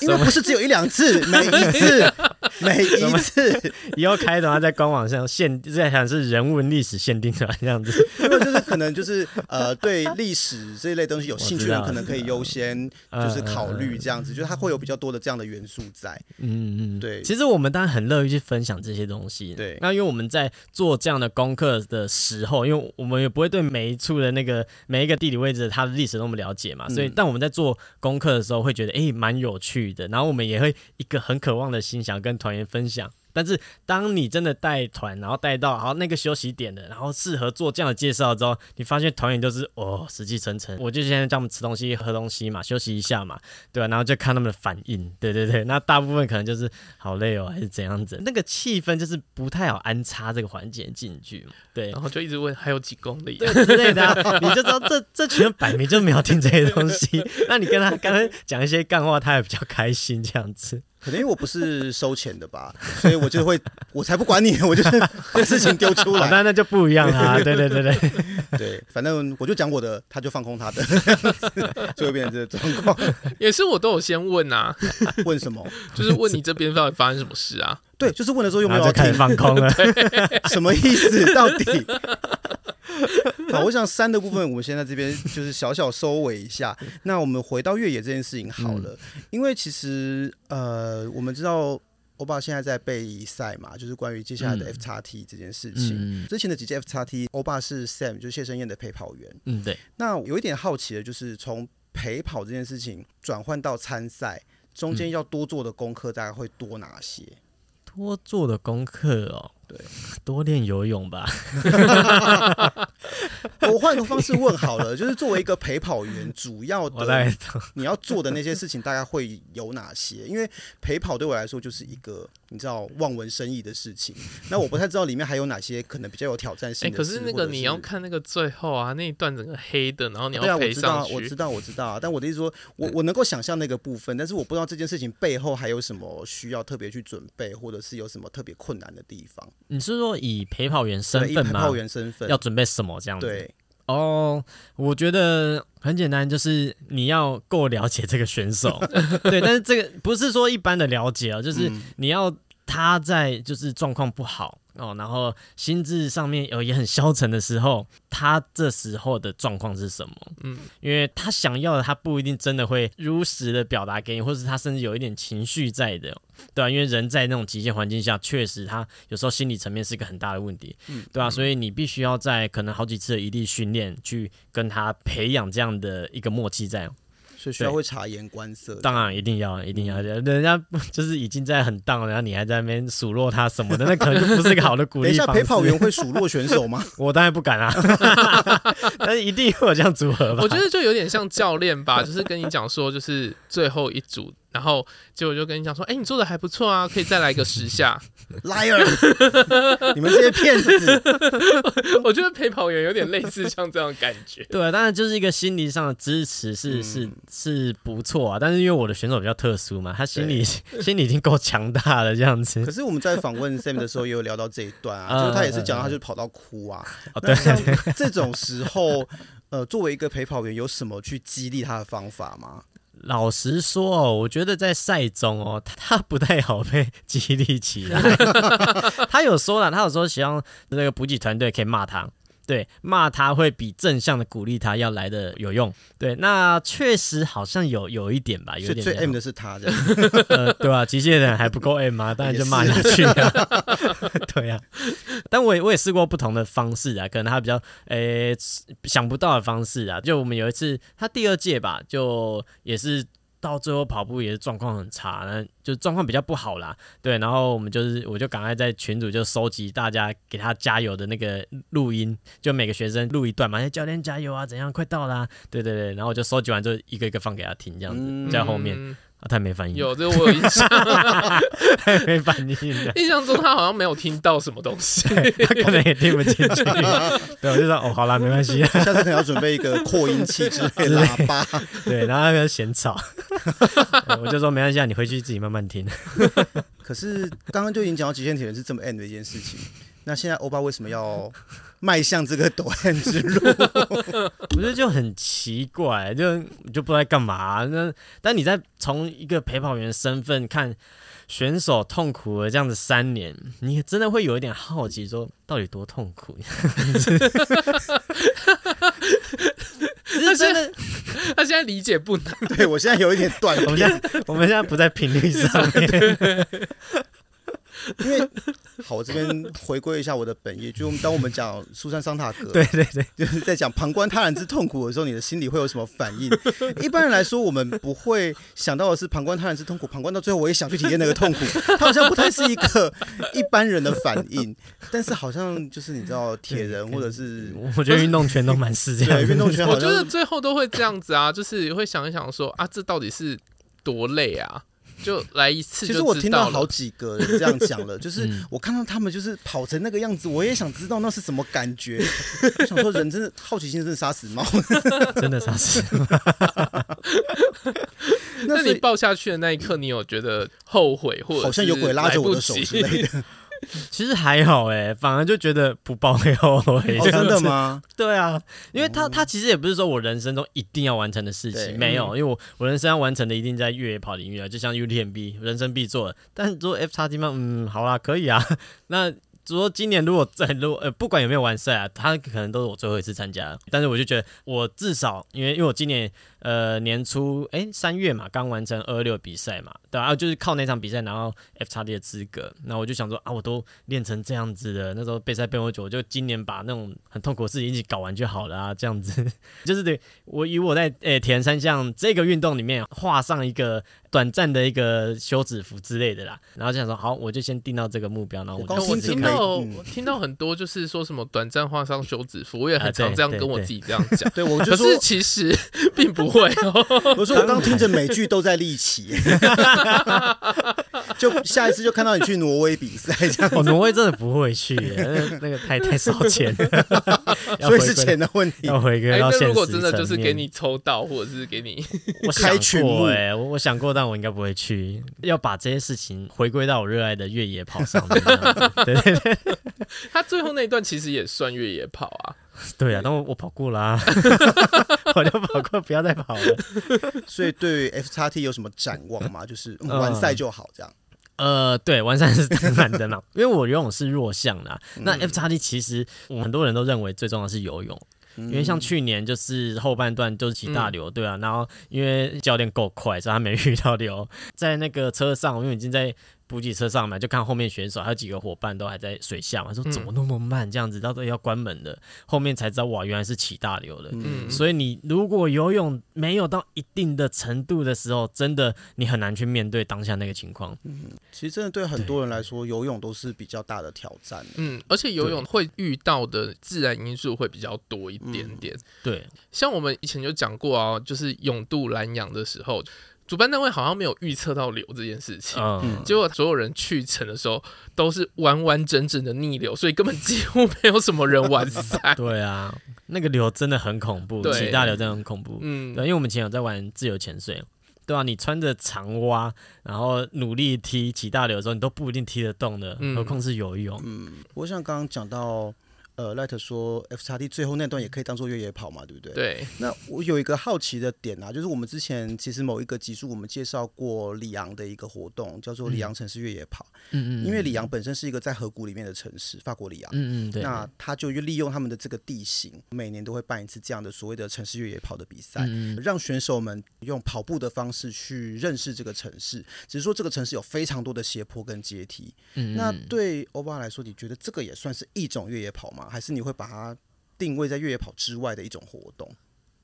因為不是只有一兩次，麼每一次，麼每一次以後開的話，在官網上限在想是人文歷史限定的，這樣子，因為就是可能就是 呃，對歷史這一類東西有興趣人，可能可以優先就是考慮這樣子，就它會有比較多的這樣的元素在。嗯嗯，對。其實我們當然很樂意去分享這些東西。對，那因為我們在做這樣的功課的時候，因為我們也不會對每一處的那個每一個地理位置它的歷史都那麼了解嘛，所以、嗯、但我們在做功課的時候會覺得，哎、欸。蠻有趣的，然後我們也會一個很渴望的心想跟團員分享。但是當你真的帶團，然後帶到好那個休息點的，然後適合做這樣的介紹之後，你發現團員就是哦死氣沉沉。我就先叫他們吃東西、喝東西嘛，休息一下嘛，對吧，啊？然後就看他們的反應，對對對。那大部分可能就是好累哦，還是怎樣子？那個氣氛就是不太好安插這個環節進去嘛。對，然後就一直問還有幾公里 之類的，然後你就知道這 這群人擺明就沒有聽這些東西。那你跟他剛剛講一些幹話，他也比較開心這樣子。可能因為我不是收錢的吧，所以我就會我才不管你，我就是把事情丟出來。那 那就不一樣啊對對對對對，反正我就講我的，他就放空他的，就會變成這個狀況。也是我都有先問啊，問什麼？ 就是問你這邊到底發生什麼事啊？對，就是問的時候用沒有要放空了？ 對 什麼意思？到底？ 好，我想山的部分我們先在這邊就是小小收尾一下。 對 那我們回到越野這件事情好了，嗯、因為其實呃我們知道歐巴現在在備賽嘛，就是關於接下來的 FXT 這件事情。嗯嗯、之前的幾屆 FXT，歐巴是 Sam，就是謝生燕的陪跑員。嗯，對。那有一點好奇的就是，從陪跑這件事情轉換到參賽，中間要多做的功課大概會多哪些？多做的功課哦。對，多練游泳吧。 我換一個方式問好了，就是作為一個陪跑員，主要的 你要做的那些事情大概會有哪些？因為陪跑對我來說就是一個你知道望文生義的事情，那我不太知道裡面還有哪些可能比較有挑戰性的、欸。可是那個你要看那個最後啊那一段整個黑的，然後你要陪上去。啊啊、我知道、啊，我知道，我知道、啊。但我的意思說我我能夠想象那個部分，但是我不知道這件事情背後還有什麼需要特別去準備，或者是有什麼特別困難的地方。你是，是說以陪跑員身份嗎？陪跑員身份要準備什麼這樣子？對哦，oh, 我覺得很簡單，就是你要夠了解這個選手。 對，但是這個不是說一般的了解啊、喔，就是你要他在就是狀況不好哦、嗯喔，然後心智上面有也很消沉的時候，他這時候的狀況是什麼？嗯，因為他想要的他不一定真的會如實的表達給你，或者他甚至有一點情緒在的。對啊，因為人在那種極限環境下，確實他有時候心理層面是一個很大的問題，對吧？所以你必須要在可能好幾次的異地訓練，去跟他培養這樣的一個默契在。所以需要對會察言觀色。當然一定要，一定要，嗯、人家就是已經在很盪了，然後你還在那邊數落他什麼的，那可能就不是一個好的鼓勵。 等一下，陪跑員會數落選手嗎？ 我當然不敢啊， 但是一定會有這樣組合吧。我覺得就有點像教練吧， 就是跟你講說，就是最後一組。然後結果就跟你講說，哎、欸，你做的還不錯啊，可以再來一個十下。 Liar， 你們這些騙子 我。我覺得陪跑員有點類似像這種感覺。對啊，當然就是一個心理上的支持是是、嗯、是不錯啊，但是因為我的選手比較特殊嘛，他心理對心理已經夠強大了這樣子。可是我們在訪問 Sam 的時候也有聊到這一段啊， 就是他也是講到他就跑到哭啊。對、嗯。嗯、像這種時候， 呃，作為一個陪跑員，有什麼去激勵他的方法嗎？老實說哦，我覺得在賽中哦，他，他不太好被激勵起來。 他有說啦，他有說希望那個補給團隊可以罵他。對，罵他會比正向的鼓勵他要來的有用。對，那確實好像有有一點吧，有點。所以最 m 的是他的、 呃，對吧、啊？極限人還不夠 m 嗎？當然就罵下去了。也是 對啊，但我也我也試過不同的方式啊，可能他比較誒想不到的方式啊。就我們有一次，他第二屆吧，就也是。到最後跑步也是狀況很差，那就狀況比較不好啦。對，然後我們就是，我就趕快在群組就收集大家給他加油的那個錄音，就每個學生錄一段嘛，哎、欸、教練加油啊，怎樣快到啦、啊？對對對，然後我就收集完之後一個一個放給他聽，這樣子、嗯、在後面。啊、他也沒反應了。有，這個我有印象， 他沒反應了。印象中他好像沒有聽到什麼東西， 他可能也聽不進去。 對，我就說哦，好啦，沒關係，下次可能要準備一個擴音器之類的喇叭。 對，然後那邊嫌吵， 我就說沒關係，你回去自己慢慢聽。 可是剛剛就已經講到極限鐵人是這麼硬的一件事情，那現在歐霸為什麼要？邁向這個奪冠之路，我覺得就很奇怪，就就不知道幹嘛啊。那但你在從一個陪跑員的身份看選手痛苦的這樣子三年，你也真的會有一點好奇說，說到底多痛苦。 他現在 的他現在理解不難，對我現在有一點斷 我，我們現在不在頻率上面。 因為好，我這邊回歸一下我的本意，就我當我們講蘇珊·桑塔格， 對對對，就是在講旁觀他人之痛苦的時候，你的心裡會有什麼反應？一般人來說，我們不會想到的是旁觀他人之痛苦，旁觀到最後，我也想去體驗那個痛苦，它好像不太是一個一般人的反應。但是好像就是你知道，鐵人或者是對、嗯、我覺得運動圈都蠻是這樣，運動圈我覺得最後都會這樣子啊，就是會想一想說啊，這到底是多累啊。就來一次就，其實我聽到好幾個人這樣講了，就是我看到他們就是跑成那個樣子，我也想知道那是什麼感覺。 我想說人真的好奇心真的殺死貓，真的殺死貓。那你是抱下去的那一刻，你有覺得後悔，或者是好像有鬼拉着我的手之類的？其實還好哎、欸，反而就覺得不爆料，欸，哦、真的嗎？對啊，因為他他其實也不是說我人生中一定要完成的事情，對沒有，因為我我人生要完成的一定在越野跑領域啊，就像 UTMB 人生必做的。但做 FXT 嘛，嗯，好啦，可以啊。那說今年如果在，如、呃、不管有沒有完賽啊，他可能都是我最後一次參加。但是我就覺得我至少因為因為我今年。呃，年初哎，三月嘛，剛完成二六比賽嘛，對啊就是靠那場比賽拿到 FXT 的資格，那我就想說啊，我都練成這樣子的，那時候備賽備好久，我就今年把那種很痛苦的事情一起搞完就好了啊，這樣子就是對我以我在誒鐵人三項這個運動裡面畫上一個短暫的一個休止符之類的啦，然後就想說好，我就先定到這個目標，然後我興我聽到我、嗯、聽到很多就是說什麼短暫畫上休止符，我也很常這樣跟我自己這樣講，呃、對我覺得其實。 並不會、哦，我說我剛聽着每句都在立旗，就下一次就看到你去挪威比賽這樣子我、哦、挪威真的不會去，那個太太燒錢了， 歸所以是錢的問題。要回歸要錢。欸、如果真的就是給你抽到，或者是給你，我想過哎，我想過，但我應該不會去。要把這些事情回歸到我熱愛的越野跑上面。對對對，他最後那一段其實也算越野跑啊。對呀、啊，但我我跑過啦、啊， 我就跑過，不要再跑了。 所以對於 F 叉 T 有什麼展望嗎？就是、嗯呃、完賽就好，這樣。呃，對，完賽是當然的嘛， 因為我游泳是弱項的、啊。那 F 叉 T 其實、嗯嗯、很多人都認為最重要的是游泳，因為像去年就是後半段就是起大流，嗯、對啊，然後因為教練夠快，所以他沒遇到流。在那個車上，我們已經在。補給車上來，就看後面選手還有幾個夥伴都還在水下嘛，說怎麼那麼慢，這樣子到底要關門了。後面才知道哇，原來是起大流了。嗯，所以你如果游泳沒有到一定的程度的時候，真的你很難去面對當下那個情況。嗯，其實真的對很多人來說，游泳都是比較大的挑戰。嗯，而且游泳會遇到的自然因素會比較多一點點。嗯，對，像我們以前就講過啊，就是勇渡藍洋的時候。主辦單位好像沒有預測到流這件事情，嗯、結果所有人去程的時候都是完完整整的逆流，所以根本幾乎沒有什麼人完賽。 對啊，那個流真的很恐怖，起對大流真的很恐怖。對嗯對，因為我們以前有在玩自由潛水，對啊，你穿着長蛙，然後努力踢起大流的時候，你都不一定踢得動的，嗯、何況是游泳。嗯，我想剛剛講到。呃，Light 說 F 叉 T 最後那段也可以當做越野跑嘛，對不對？對。那我有一個好奇的點啊，就是我們之前其實某一個集數我們介紹過裡昂的一個活動，叫做裡昂城市越野跑。嗯嗯。因為裡昂本身是一個在河谷裡面的城市，法國里昂。嗯嗯。對。那他就利用他們的這個地形，每年都會辦一次這樣的所謂的城市越野跑的比賽，嗯,嗯，讓選手們用跑步的方式去認識這個城市。只是說這個城市有非常多的斜坡跟階梯。嗯,嗯。那對歐霸來說，你覺得這個也算是一種越野跑嗎？還是你會把它定位在越野跑之外的一種活動？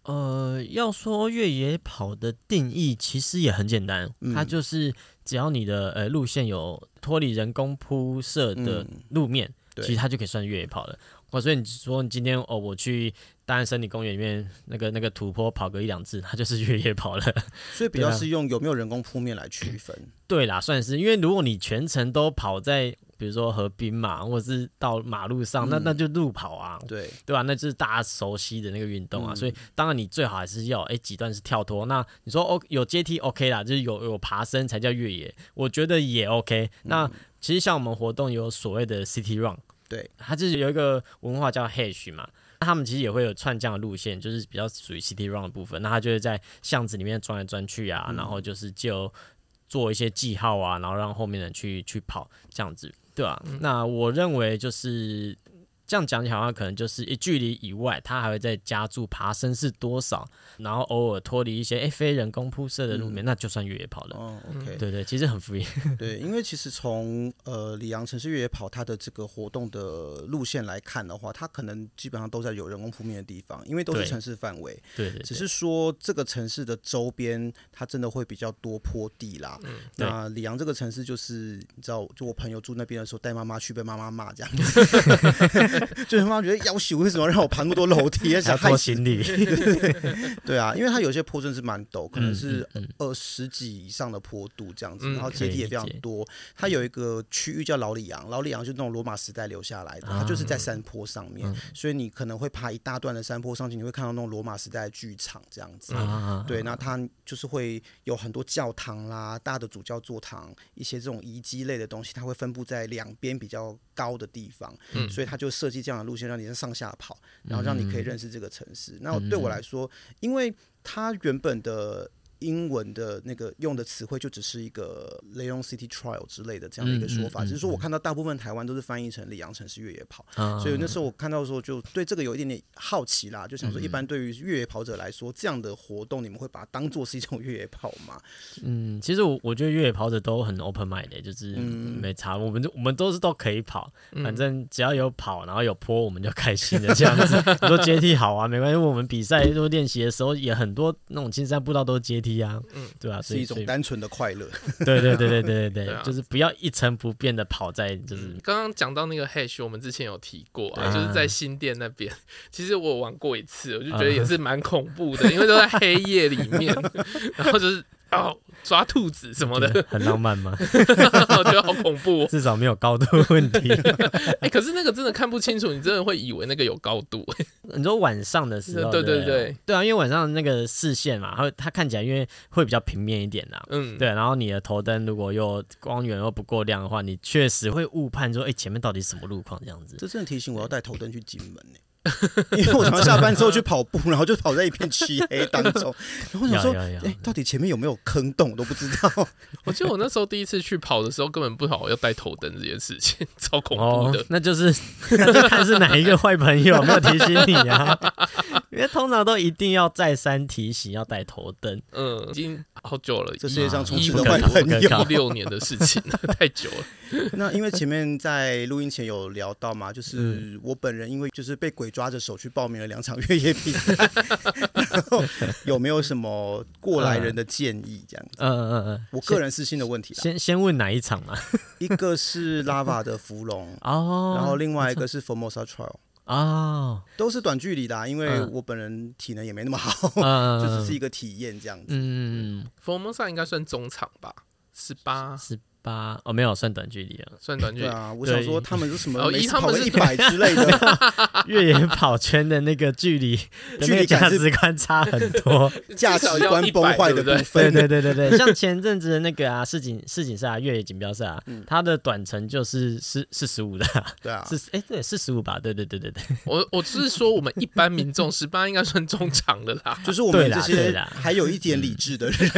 呃，要說越野跑的定義，其實也很簡單，嗯、它就是只要你的呃、欸、路線有脫離人工鋪設的路面，嗯、其實它就可以算越野跑了。哇對、哦，所以你說你今天哦，我去大安森林公園裡面那個那個土坡跑個一兩次，它就是越野跑了。所以比較是用有沒有人工鋪面來區分、嗯？對啦，算是，因為如果你全程都跑在。比如說河濱嘛，或者是到馬路上，那那就路跑啊，嗯、對對吧、啊？那就是大家熟悉的那個運動啊。嗯、所以當然你最好還是要誒，幾段是跳脫。那你說哦，OK，有階梯 OK 啦，就是有有爬升才叫越野，我覺得也 OK，嗯。那其實像我們活動有所謂的 City Run，對，它就是有一個文化叫 Hash 嘛。那他們其實也會有串這樣的路線，就是比較屬於 City Run 的部分。那他就會在巷子裡面轉來轉去啊，嗯、然後就是就做一些記號啊，然後讓後面的人去去跑這樣子。對啊，嗯，那我認為就是。這樣講起來的話，可能就是一距離以外，它還會再加注爬升是多少，然後偶爾脫離一些、欸、非人工鋪設的路面，嗯、那就算越野跑了。OK、嗯、對，對對，其實很敷衍。對，因為其實從呃里昂城市越野跑它的這個活動的路線來看的話，它可能基本上都在有人工鋪面的地方，因為都是城市範圍。對，只是說這個城市的周邊，它真的會比較多坡地啦。對那里昂這個城市就是你知道，就我朋友住那邊的時候，帶媽媽去被媽媽罵這樣子。 就是媽媽覺得要死，為什麼讓我爬那麼多樓梯？想看 行李。 對啊，因為它有些坡真是蠻陡，可能是二十幾以上的坡度這樣子，然後階梯也非常多。它有一個區域叫老里昂，老里昂就是那種羅馬時代留下來的，它就是在山坡上面，啊嗯、所以你可能會爬一大段的山坡上去，你會看到那種羅馬時代劇場這樣子。啊、對，那它就是會有很多教堂啦，大的主教座堂，一些這種遺跡類的東西，它會分布在兩邊比較高的地方，嗯、所以它就設。這樣的路線讓你在上下跑，然後讓你可以認識這個城市。嗯，那對我來說，嗯，因為它原本的。英文的那個用的詞彙就只是一個 Lyon City Trail 之類的這樣的一個說法，嗯嗯嗯、就是說我看到大部分台灣都是翻譯成里昂城市越野跑，啊、所以那時候我看到的時候就對這個有一點點好奇啦，就想說一般對於越野跑者來說，嗯、這樣的活動你們會把它當做是一種越野跑嗎？嗯，其實我我覺得越野跑者都很 open mind，的、欸，就是沒差，嗯、我們就我們都是都可以跑，嗯、反正只要有跑，然後有坡我們就開心的這樣子。你說階梯好啊，沒關係，我們比賽就練習的時候也很多那種青山步道都階梯。一樣，嗯，對啊，是一種單純的快樂，對對對對對對對， 對啊、就是不要一成不變的跑在，就是、嗯、剛剛講到那個 hash，我們之前有提過啊，啊就是在新店那邊，其實我玩過一次，我就覺得也是蠻恐怖的，啊、因為都在黑夜裡面， 然後就是。哦，抓兔子什麼的，很浪漫嗎？我 覺得好恐怖、喔。至少沒有高度問題。哎 、欸，可是那個真的看不清楚，你真的會以為那個有高度。 你說晚上的時候，對，對對對，對啊，因為晚上那個視線嘛，然它看起來因為會比較平面一點啦。嗯，對。然後你的頭燈如果又光源又不夠亮的話，你確實會誤判說，哎、欸，前面到底什麼路況這樣子？這真的提醒我要帶頭燈去金門、欸 因為我常常下班之後去跑步，然後就跑在一片漆黑當中，然後我想說，欸、到底前面有沒有坑洞我都不知道。我記得我那時候第一次去跑的時候，根本不好要戴頭燈這件事情，超恐怖的。哦、那就是那就看是哪一個壞朋友 沒有提醒你啊。因為通常都一定要再三提醒要戴頭燈，嗯，已經好久了，這是一場出了很多一六年的事情，太久了。那因為前面在錄音前有聊到嘛，就是我本人因為就是被鬼抓着手去報名了兩場越野比賽，有沒有什麼過來人的建議這樣？嗯嗯嗯，我個人私心的問題，先先問哪一場嘛？一個是拉瓦的芙蓉，然後另外一個是 Formosa Trial。啊，哦、都是短距離的、啊，因為我本人體能也沒那麼好，嗯、 就只是一個體驗這樣子。嗯對 Formosa 應該算中場吧，十八，18八哦，沒有算短距離啊，算短距離啊。我想說他們是什麼？跑一百之類的，越野跑圈的那個距離，那個價值觀差很多，價值觀崩壞的部分。對對對對對，像前陣子的那個啊，世錦世錦賽啊越野錦標賽啊，它的短程就是四四十五的，對啊，四十，哎，對四十五吧？對對對對對。我我是說，我們一般民眾十八應該算中長的啦，就是我們這些人還有一點理智的人。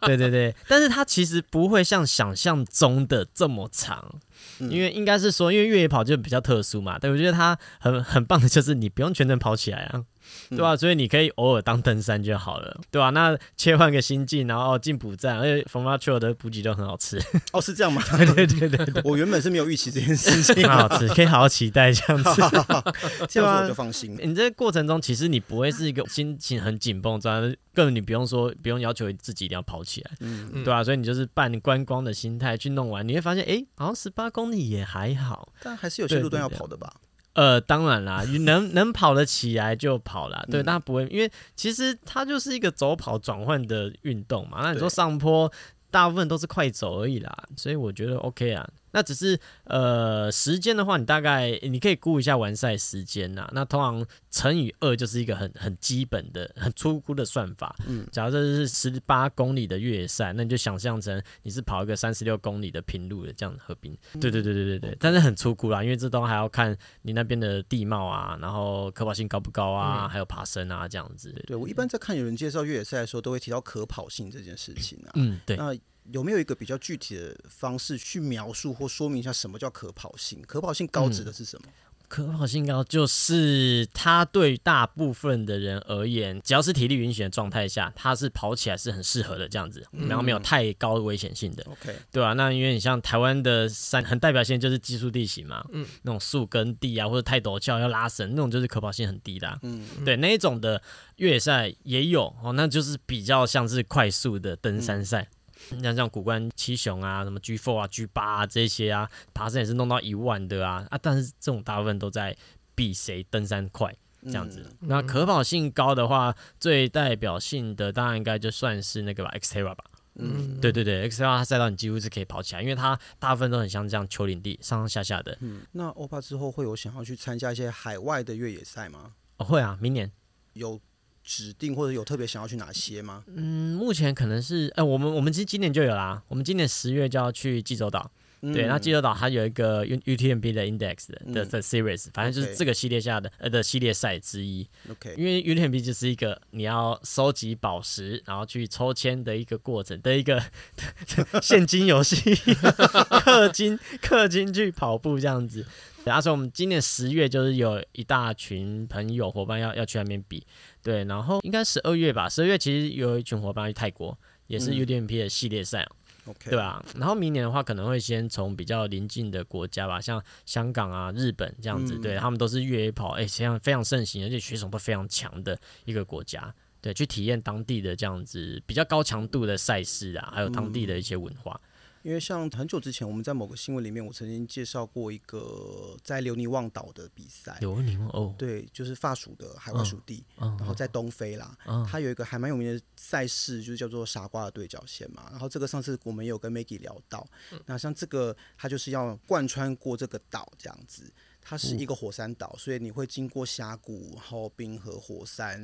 對對對，但是他其實不會像想象，像中的這麼長，因為應該是說，因為越野跑就比較特殊嘛。對，我覺得它很很棒的就是，你不用全程跑起來啊。對啊，所以你可以偶爾當登山就好了，嗯、對啊，那切換個心境，然後進補、哦、站，而且 Formosa 的補給都很好吃。哦，是這樣嗎？ 對對對，對 我原本是沒有預期這件事情， 很好吃，可以好好期待這樣子，這樣我就放心了、欸。你這過程中，其實你不會是一個心情很緊繃狀態，根本你不用說，不用要求自己一定要跑起來，嗯，嗯對啊，所以你就是半觀光的心態去弄完，你會發現，哎、欸，好像十八公里也還好，但還是有些路段要跑的吧。對對對對。呃，當然啦，能能跑得起來就跑啦。 對，那不會，因為其實它就是一個走跑轉換的運動嘛。那你說上坡，大部分都是快走而已啦，對所以我覺得 OK 啊。那只是呃，時間的話，你大概你可以估一下完賽時間吶，啊。那通常乘以二就是一個很很基本的、很粗估的算法。嗯，假如這是十八公里的越野賽，那你就想象成你是跑一個三十六公里的平路的這樣子合併。對對對對對對，嗯嗯，但是很粗估啦，因為這東西還要看你那邊的地貌啊，然後可跑性高不高啊，嗯，還有爬升啊這樣子。對，對，對，對我一般在看有人介紹越野賽的時候，都會提到可跑性這件事情啊。嗯，對。有沒有一個比較具體的方式去描述或說明一下什麼叫可跑性？可跑性高指的是什麼？嗯、可跑性高就是它對大部分的人而言，只要是體力允許的狀態下，它是跑起來是很適合的，這樣子，然後沒有太高的危險性的。OK，、嗯、對啊，那因為你像台灣的山，很代表性就是技術地形嘛，嗯、那種樹根地啊，或者太陡峭，要拉繩那種，就是可跑性很低的、啊。嗯、對，那一種的越野賽也有哦，那就是比較像是快速的登山賽。嗯你像像谷關七雄啊，什麼 G4 啊、G8 啊這些啊，爬山也是弄到一萬的啊啊！但是這種大部分都在比誰登山快這樣子。嗯、那可跑性高的話，最代表性的當然應該就算是那個吧 Xterra 吧。嗯，對對對，Xterra 它賽道你幾乎是可以跑起來，因為它大部分都很像這樣丘陵地，上上下下的。嗯。那歐霸之後會有想要去參加一些海外的越野賽嗎？哦，會啊，明年有。指定，或者有特別想要去哪些嗎？嗯，目前可能是，哎、欸，我們我們今今年就有啦，我們今年十月就要去濟州島。嗯、對，那濟州島它有一個 U U T M B 的 index 的、嗯、的 series，反正就是這個系列下的、嗯、okay, 呃的系列賽之一。okay. 因為 U T M B 就是一個你要收集寶石，然後去抽籤的一個過程的一個呵呵現金遊戲，氪 金氪 金，金去跑步這樣子。然後說我們今年十月就是有一大群朋友夥伴要要去那邊比，對，然後應該十二月吧，十二月其實有一群夥伴去泰國，也是 U T M B 的系列賽、嗯 Okay. 對啊，然後明年的話，可能會先從比較臨近的國家吧，像香港啊、日本這樣子，嗯、對，他們都是越野跑誒，這、欸、非常盛行，而且選手都非常強的一個國家，對，去體驗當地的這樣子比較高強度的賽事啊，還有當地的一些文化。嗯。因為像很久之前我們在某個新聞裡面，我曾經介紹過一個在留尼旺島的比賽。留尼旺哦，對，就是法屬的海外屬地，然後在東非啦，它有一個還蠻有名的賽事，就是叫做傻瓜的對角線嘛。然後這個上次我們有跟 Maggie 聊到，那像這個它就是要貫穿過這個島這樣子。它是一個火山島，所以你會經過峽谷，然後冰河、火山，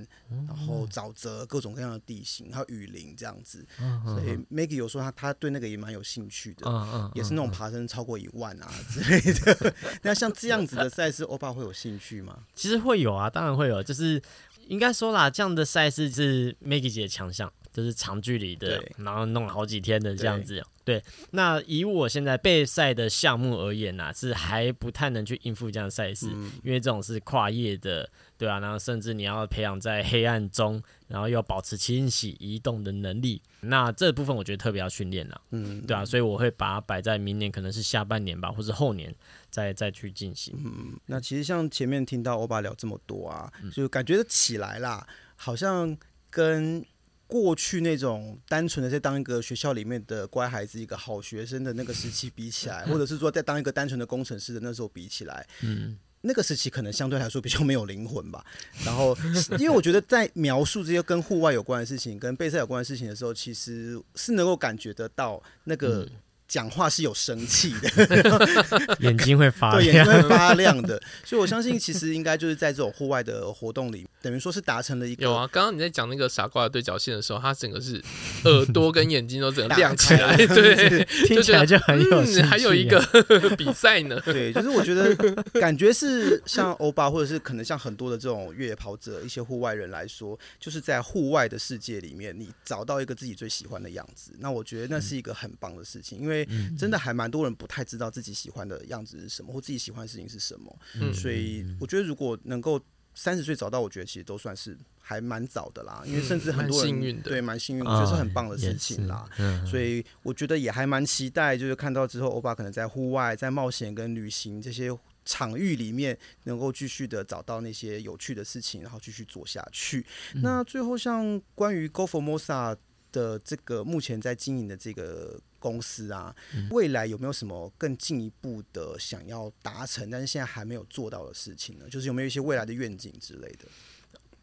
然後沼澤，各種各樣的地形，還有雨林這樣子。所以 Maggie 有說他他對那個也蠻有興趣的，也是那種爬升超過一萬啊之類的。 那像這樣子的賽事，歐 霸會有興趣嗎？其實會有啊，當然會有。就是應該說啦，這樣的賽事是 Maggie 姐的強項。就是長距離的，對然後弄了好幾天的這樣子。對、對，那以我現在備賽的項目而言呢、啊、是還不太能去應付這樣賽事，嗯、因為這種是跨夜的，對啊，然後甚至你要培養在黑暗中，然後要保持清醒移動的能力，那這部分我覺得特別要訓練了，嗯，對啊，所以我會把它擺在明年可能是下半年吧，或是後年再再去進行。嗯，那其實像前面聽到歐霸聊這麼多啊，嗯、就感覺起來了，好像跟。過去那種單純的在當一個學校裡面的乖孩子，一個好學生的那個時期比起來，或者是說在當一個單純的工程師的那時候比起來，嗯，那個時期可能相對來說比較沒有靈魂吧。然後，因為我覺得在描述這些跟戶外有關的事情，跟備賽有關的事情的時候，其實是能夠感覺得到那個。講話是有生氣的，眼睛會發亮。對，眼睛會發亮的， 所以我相信其實應該就是在這種戶外的活動裡，等於說是達成了一個。有啊，剛剛你在講那個傻瓜的對角線的時候，他整個是耳朵跟眼睛都整個亮起來，起來。對，聽起來就很有趣，啊嗯。還有一個呵呵比賽呢， 對，就是我覺得感覺是像歐霸，或者是可能像很多的這種越野跑者，一些戶外人來說，就是在戶外的世界裡面，你找到一個自己最喜歡的樣子，那我覺得那是一個很棒的事情，嗯、因為。因為真的還蠻多人不太知道自己喜歡的樣子是什麼，或自己喜歡的事情是什麼，所以我覺得如果能夠三十歲找到，我覺得其實都算是還蠻早的啦。因為甚至很多人對蠻幸運，我覺得是很棒的事情啦。所以我覺得也還蠻期待，就是看到之後歐霸可能在戶外、在冒險跟旅行這些場域裡面，能夠繼續的找到那些有趣的事情，然後繼續做下去。那最後像關於 GO Formosa。的這個目前在經營的這個公司啊，未來有沒有什麼更進一步的想要達成，但是現在還沒有做到的事情呢？就是有沒有一些未來的願景之類的？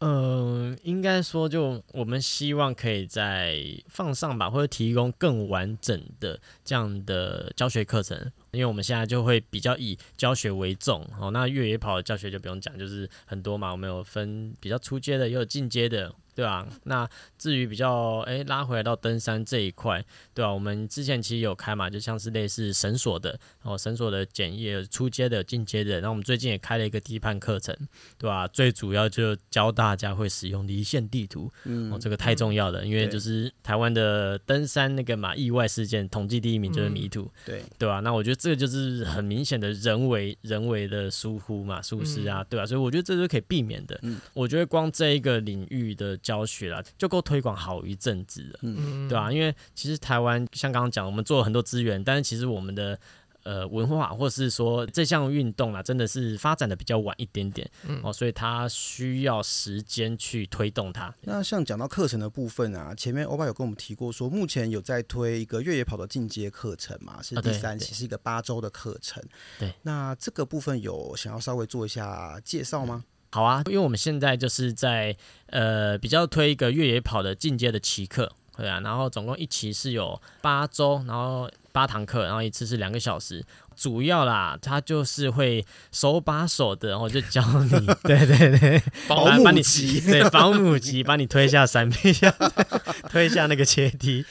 嗯，應該說，就我們希望可以再放上吧，或者提供更完整的這樣的教學課程。因為我們現在就會比較以教學為重哦，那越野跑的教學就不用講，就是很多嘛，我們有分比較初階的，也有進階的，對吧、啊？那至於比較誒、欸，拉回來到登山這一塊，對吧、啊？我們之前其實有開嘛，就像是類似繩索的哦，繩索的簡易，初階的進階的，那我們最近也開了一個低攀課程，對吧、啊？最主要就教大家會使用離線地圖，嗯，哦，這個太重要了，嗯、因為就是台灣的登山那個嘛意外事件統計第一名就是迷途，嗯、對對、啊、吧？那我覺得。這個就是很明顯的人為人為的疏忽嘛，疏失啊，嗯、對吧、啊？所以我覺得這是可以避免的。嗯、我覺得光這一個領域的教學啊，就夠推廣好一陣子了，嗯、對吧、啊？因為其實台灣像剛剛講，我們做了很多資源，但是其實我們的。呃，文化或是說這項運動啊，真的是發展的比較晚一點點，嗯、哦，所以它需要時間去推動它。那像講到課程的部分啊，前面歐巴有跟我們提過，說目前有在推一個越野跑的進階課程嘛，是第三期，啊、是一個八周的課程。對，那這個部分有想要稍微做一下介紹嗎？好啊，因為我們現在就是在呃比較推一個越野跑的進階的期課。對啊，然後總共一期是有八周，然後八堂課，然後一次是兩個小時。主要啦，他就是會手把手的，然後就教你。 對對對，保姆級，對保姆級，幫你推下傘，推下推下那個階梯，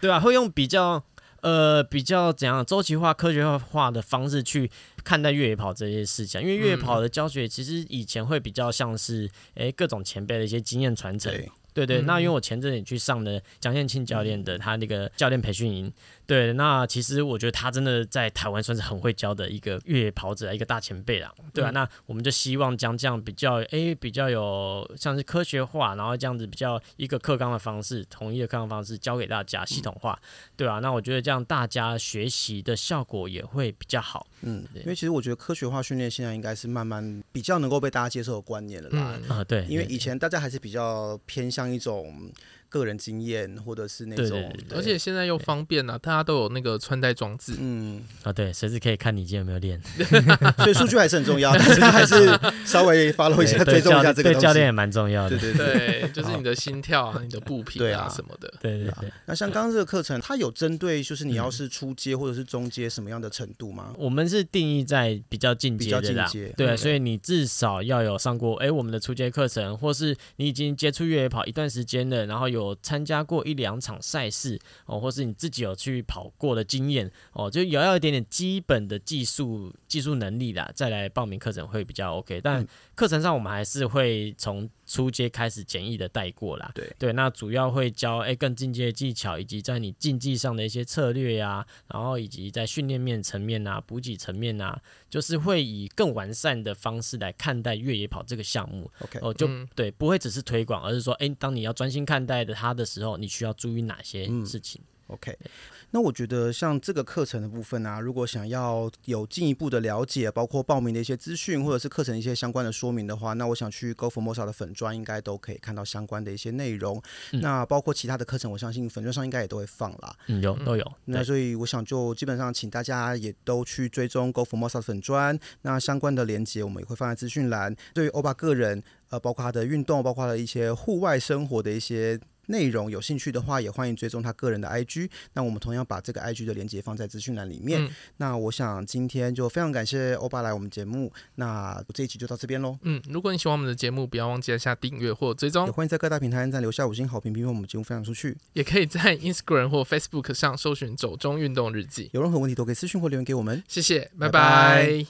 對吧、啊？會用比較呃比較怎樣周期化、科學化的方式去看待越野跑這些事情，因為越野跑的教學其實以前會比較像是哎、嗯、各種前輩的一些經驗傳承。對對，嗯、哼那因為我前陣子也去上了江晏慶教練的他那個教練培訓營。對，那其實我覺得他真的在台灣算是很會教的一個越野跑者，一個大前輩了，對啊，嗯、那我們就希望將這樣比較誒，比較有像是科學化，然後這樣子比較一個課綱的方式，統一的課綱方式教給大家，系統化，嗯、對啊，那我覺得這樣大家學習的效果也會比較好，嗯，對因為其實我覺得科學化訓練現在應該是慢慢比較能夠被大家接受的觀念了吧？嗯、你啊，對，因為以前大家還是比較偏向一種。個人經驗或者是那種，而且現在又方便了，大家都有那個穿戴裝置。嗯啊，對，隨時可以看你今天有沒有練，所以數據還是很重要，但是還是稍微 follow 一下，追蹤一下這個東西。對，教練也蠻重要的，對對對，就是你的心跳啊、你的步頻啊什麼的。對對。那像剛剛這個課程，它有針對就是你要是初階或者是中階什麼樣的程度嗎？我們是定義在比較進階的，對，所以你至少要有上過哎我們的初階課程，或是你已經接觸越野跑一段時間了，然後有。有參加過一兩場賽事哦，或是你自己有去跑過的經驗哦，就有要一點點基本的技術技術能力啦，再來報名課程會比較 OK。但課程上我們還是會從。初階開始，簡易的帶過啦。對，對對，那主要會教哎、欸、更進階的技巧，以及在你競技上的一些策略呀、啊，然後以及在訓練面層面啊、補給層面啊，就是會以更完善的方式來看待越野跑這個項目。OK，哦就、嗯、對，不會只是推廣，而是說哎、欸，當你要專心看待的它的時候，你需要注意哪些事情、嗯、？OK。那我覺得像這個課程的部分啊，如果想要有進一步的了解，包括報名的一些資訊，或者是課程一些相關的說明的話，那我想去 GO Formosa 的粉專應該都可以看到相關的一些內容。嗯、那包括其他的課程，我相信粉專上應該也都會放啦。嗯，有都有。那所以我想就基本上請大家也都去追蹤 GO Formosa 的粉專，那相關的連接我們也會放在資訊欄。對於歐霸個人，呃，包括他的運動，包括他的一些戶外生活的一些。內容有興趣的話，也歡迎追蹤他個人的 IG。那我們同樣把這個 IG 的鏈接放在資訊欄裡面。嗯、那我想今天就非常感謝歐霸來我們節目。那這一集就到這邊嘍。嗯，如果你喜歡我們的節目，不要忘記下訂閱或追蹤。也歡迎在各大平台按讚留下五星好評，幫我們節目分享出去。也可以在 Instagram 或 Facebook 上搜尋“走鐘運動日記”。有任何問題都可以私訊或留言給我們。謝謝，拜拜。拜拜。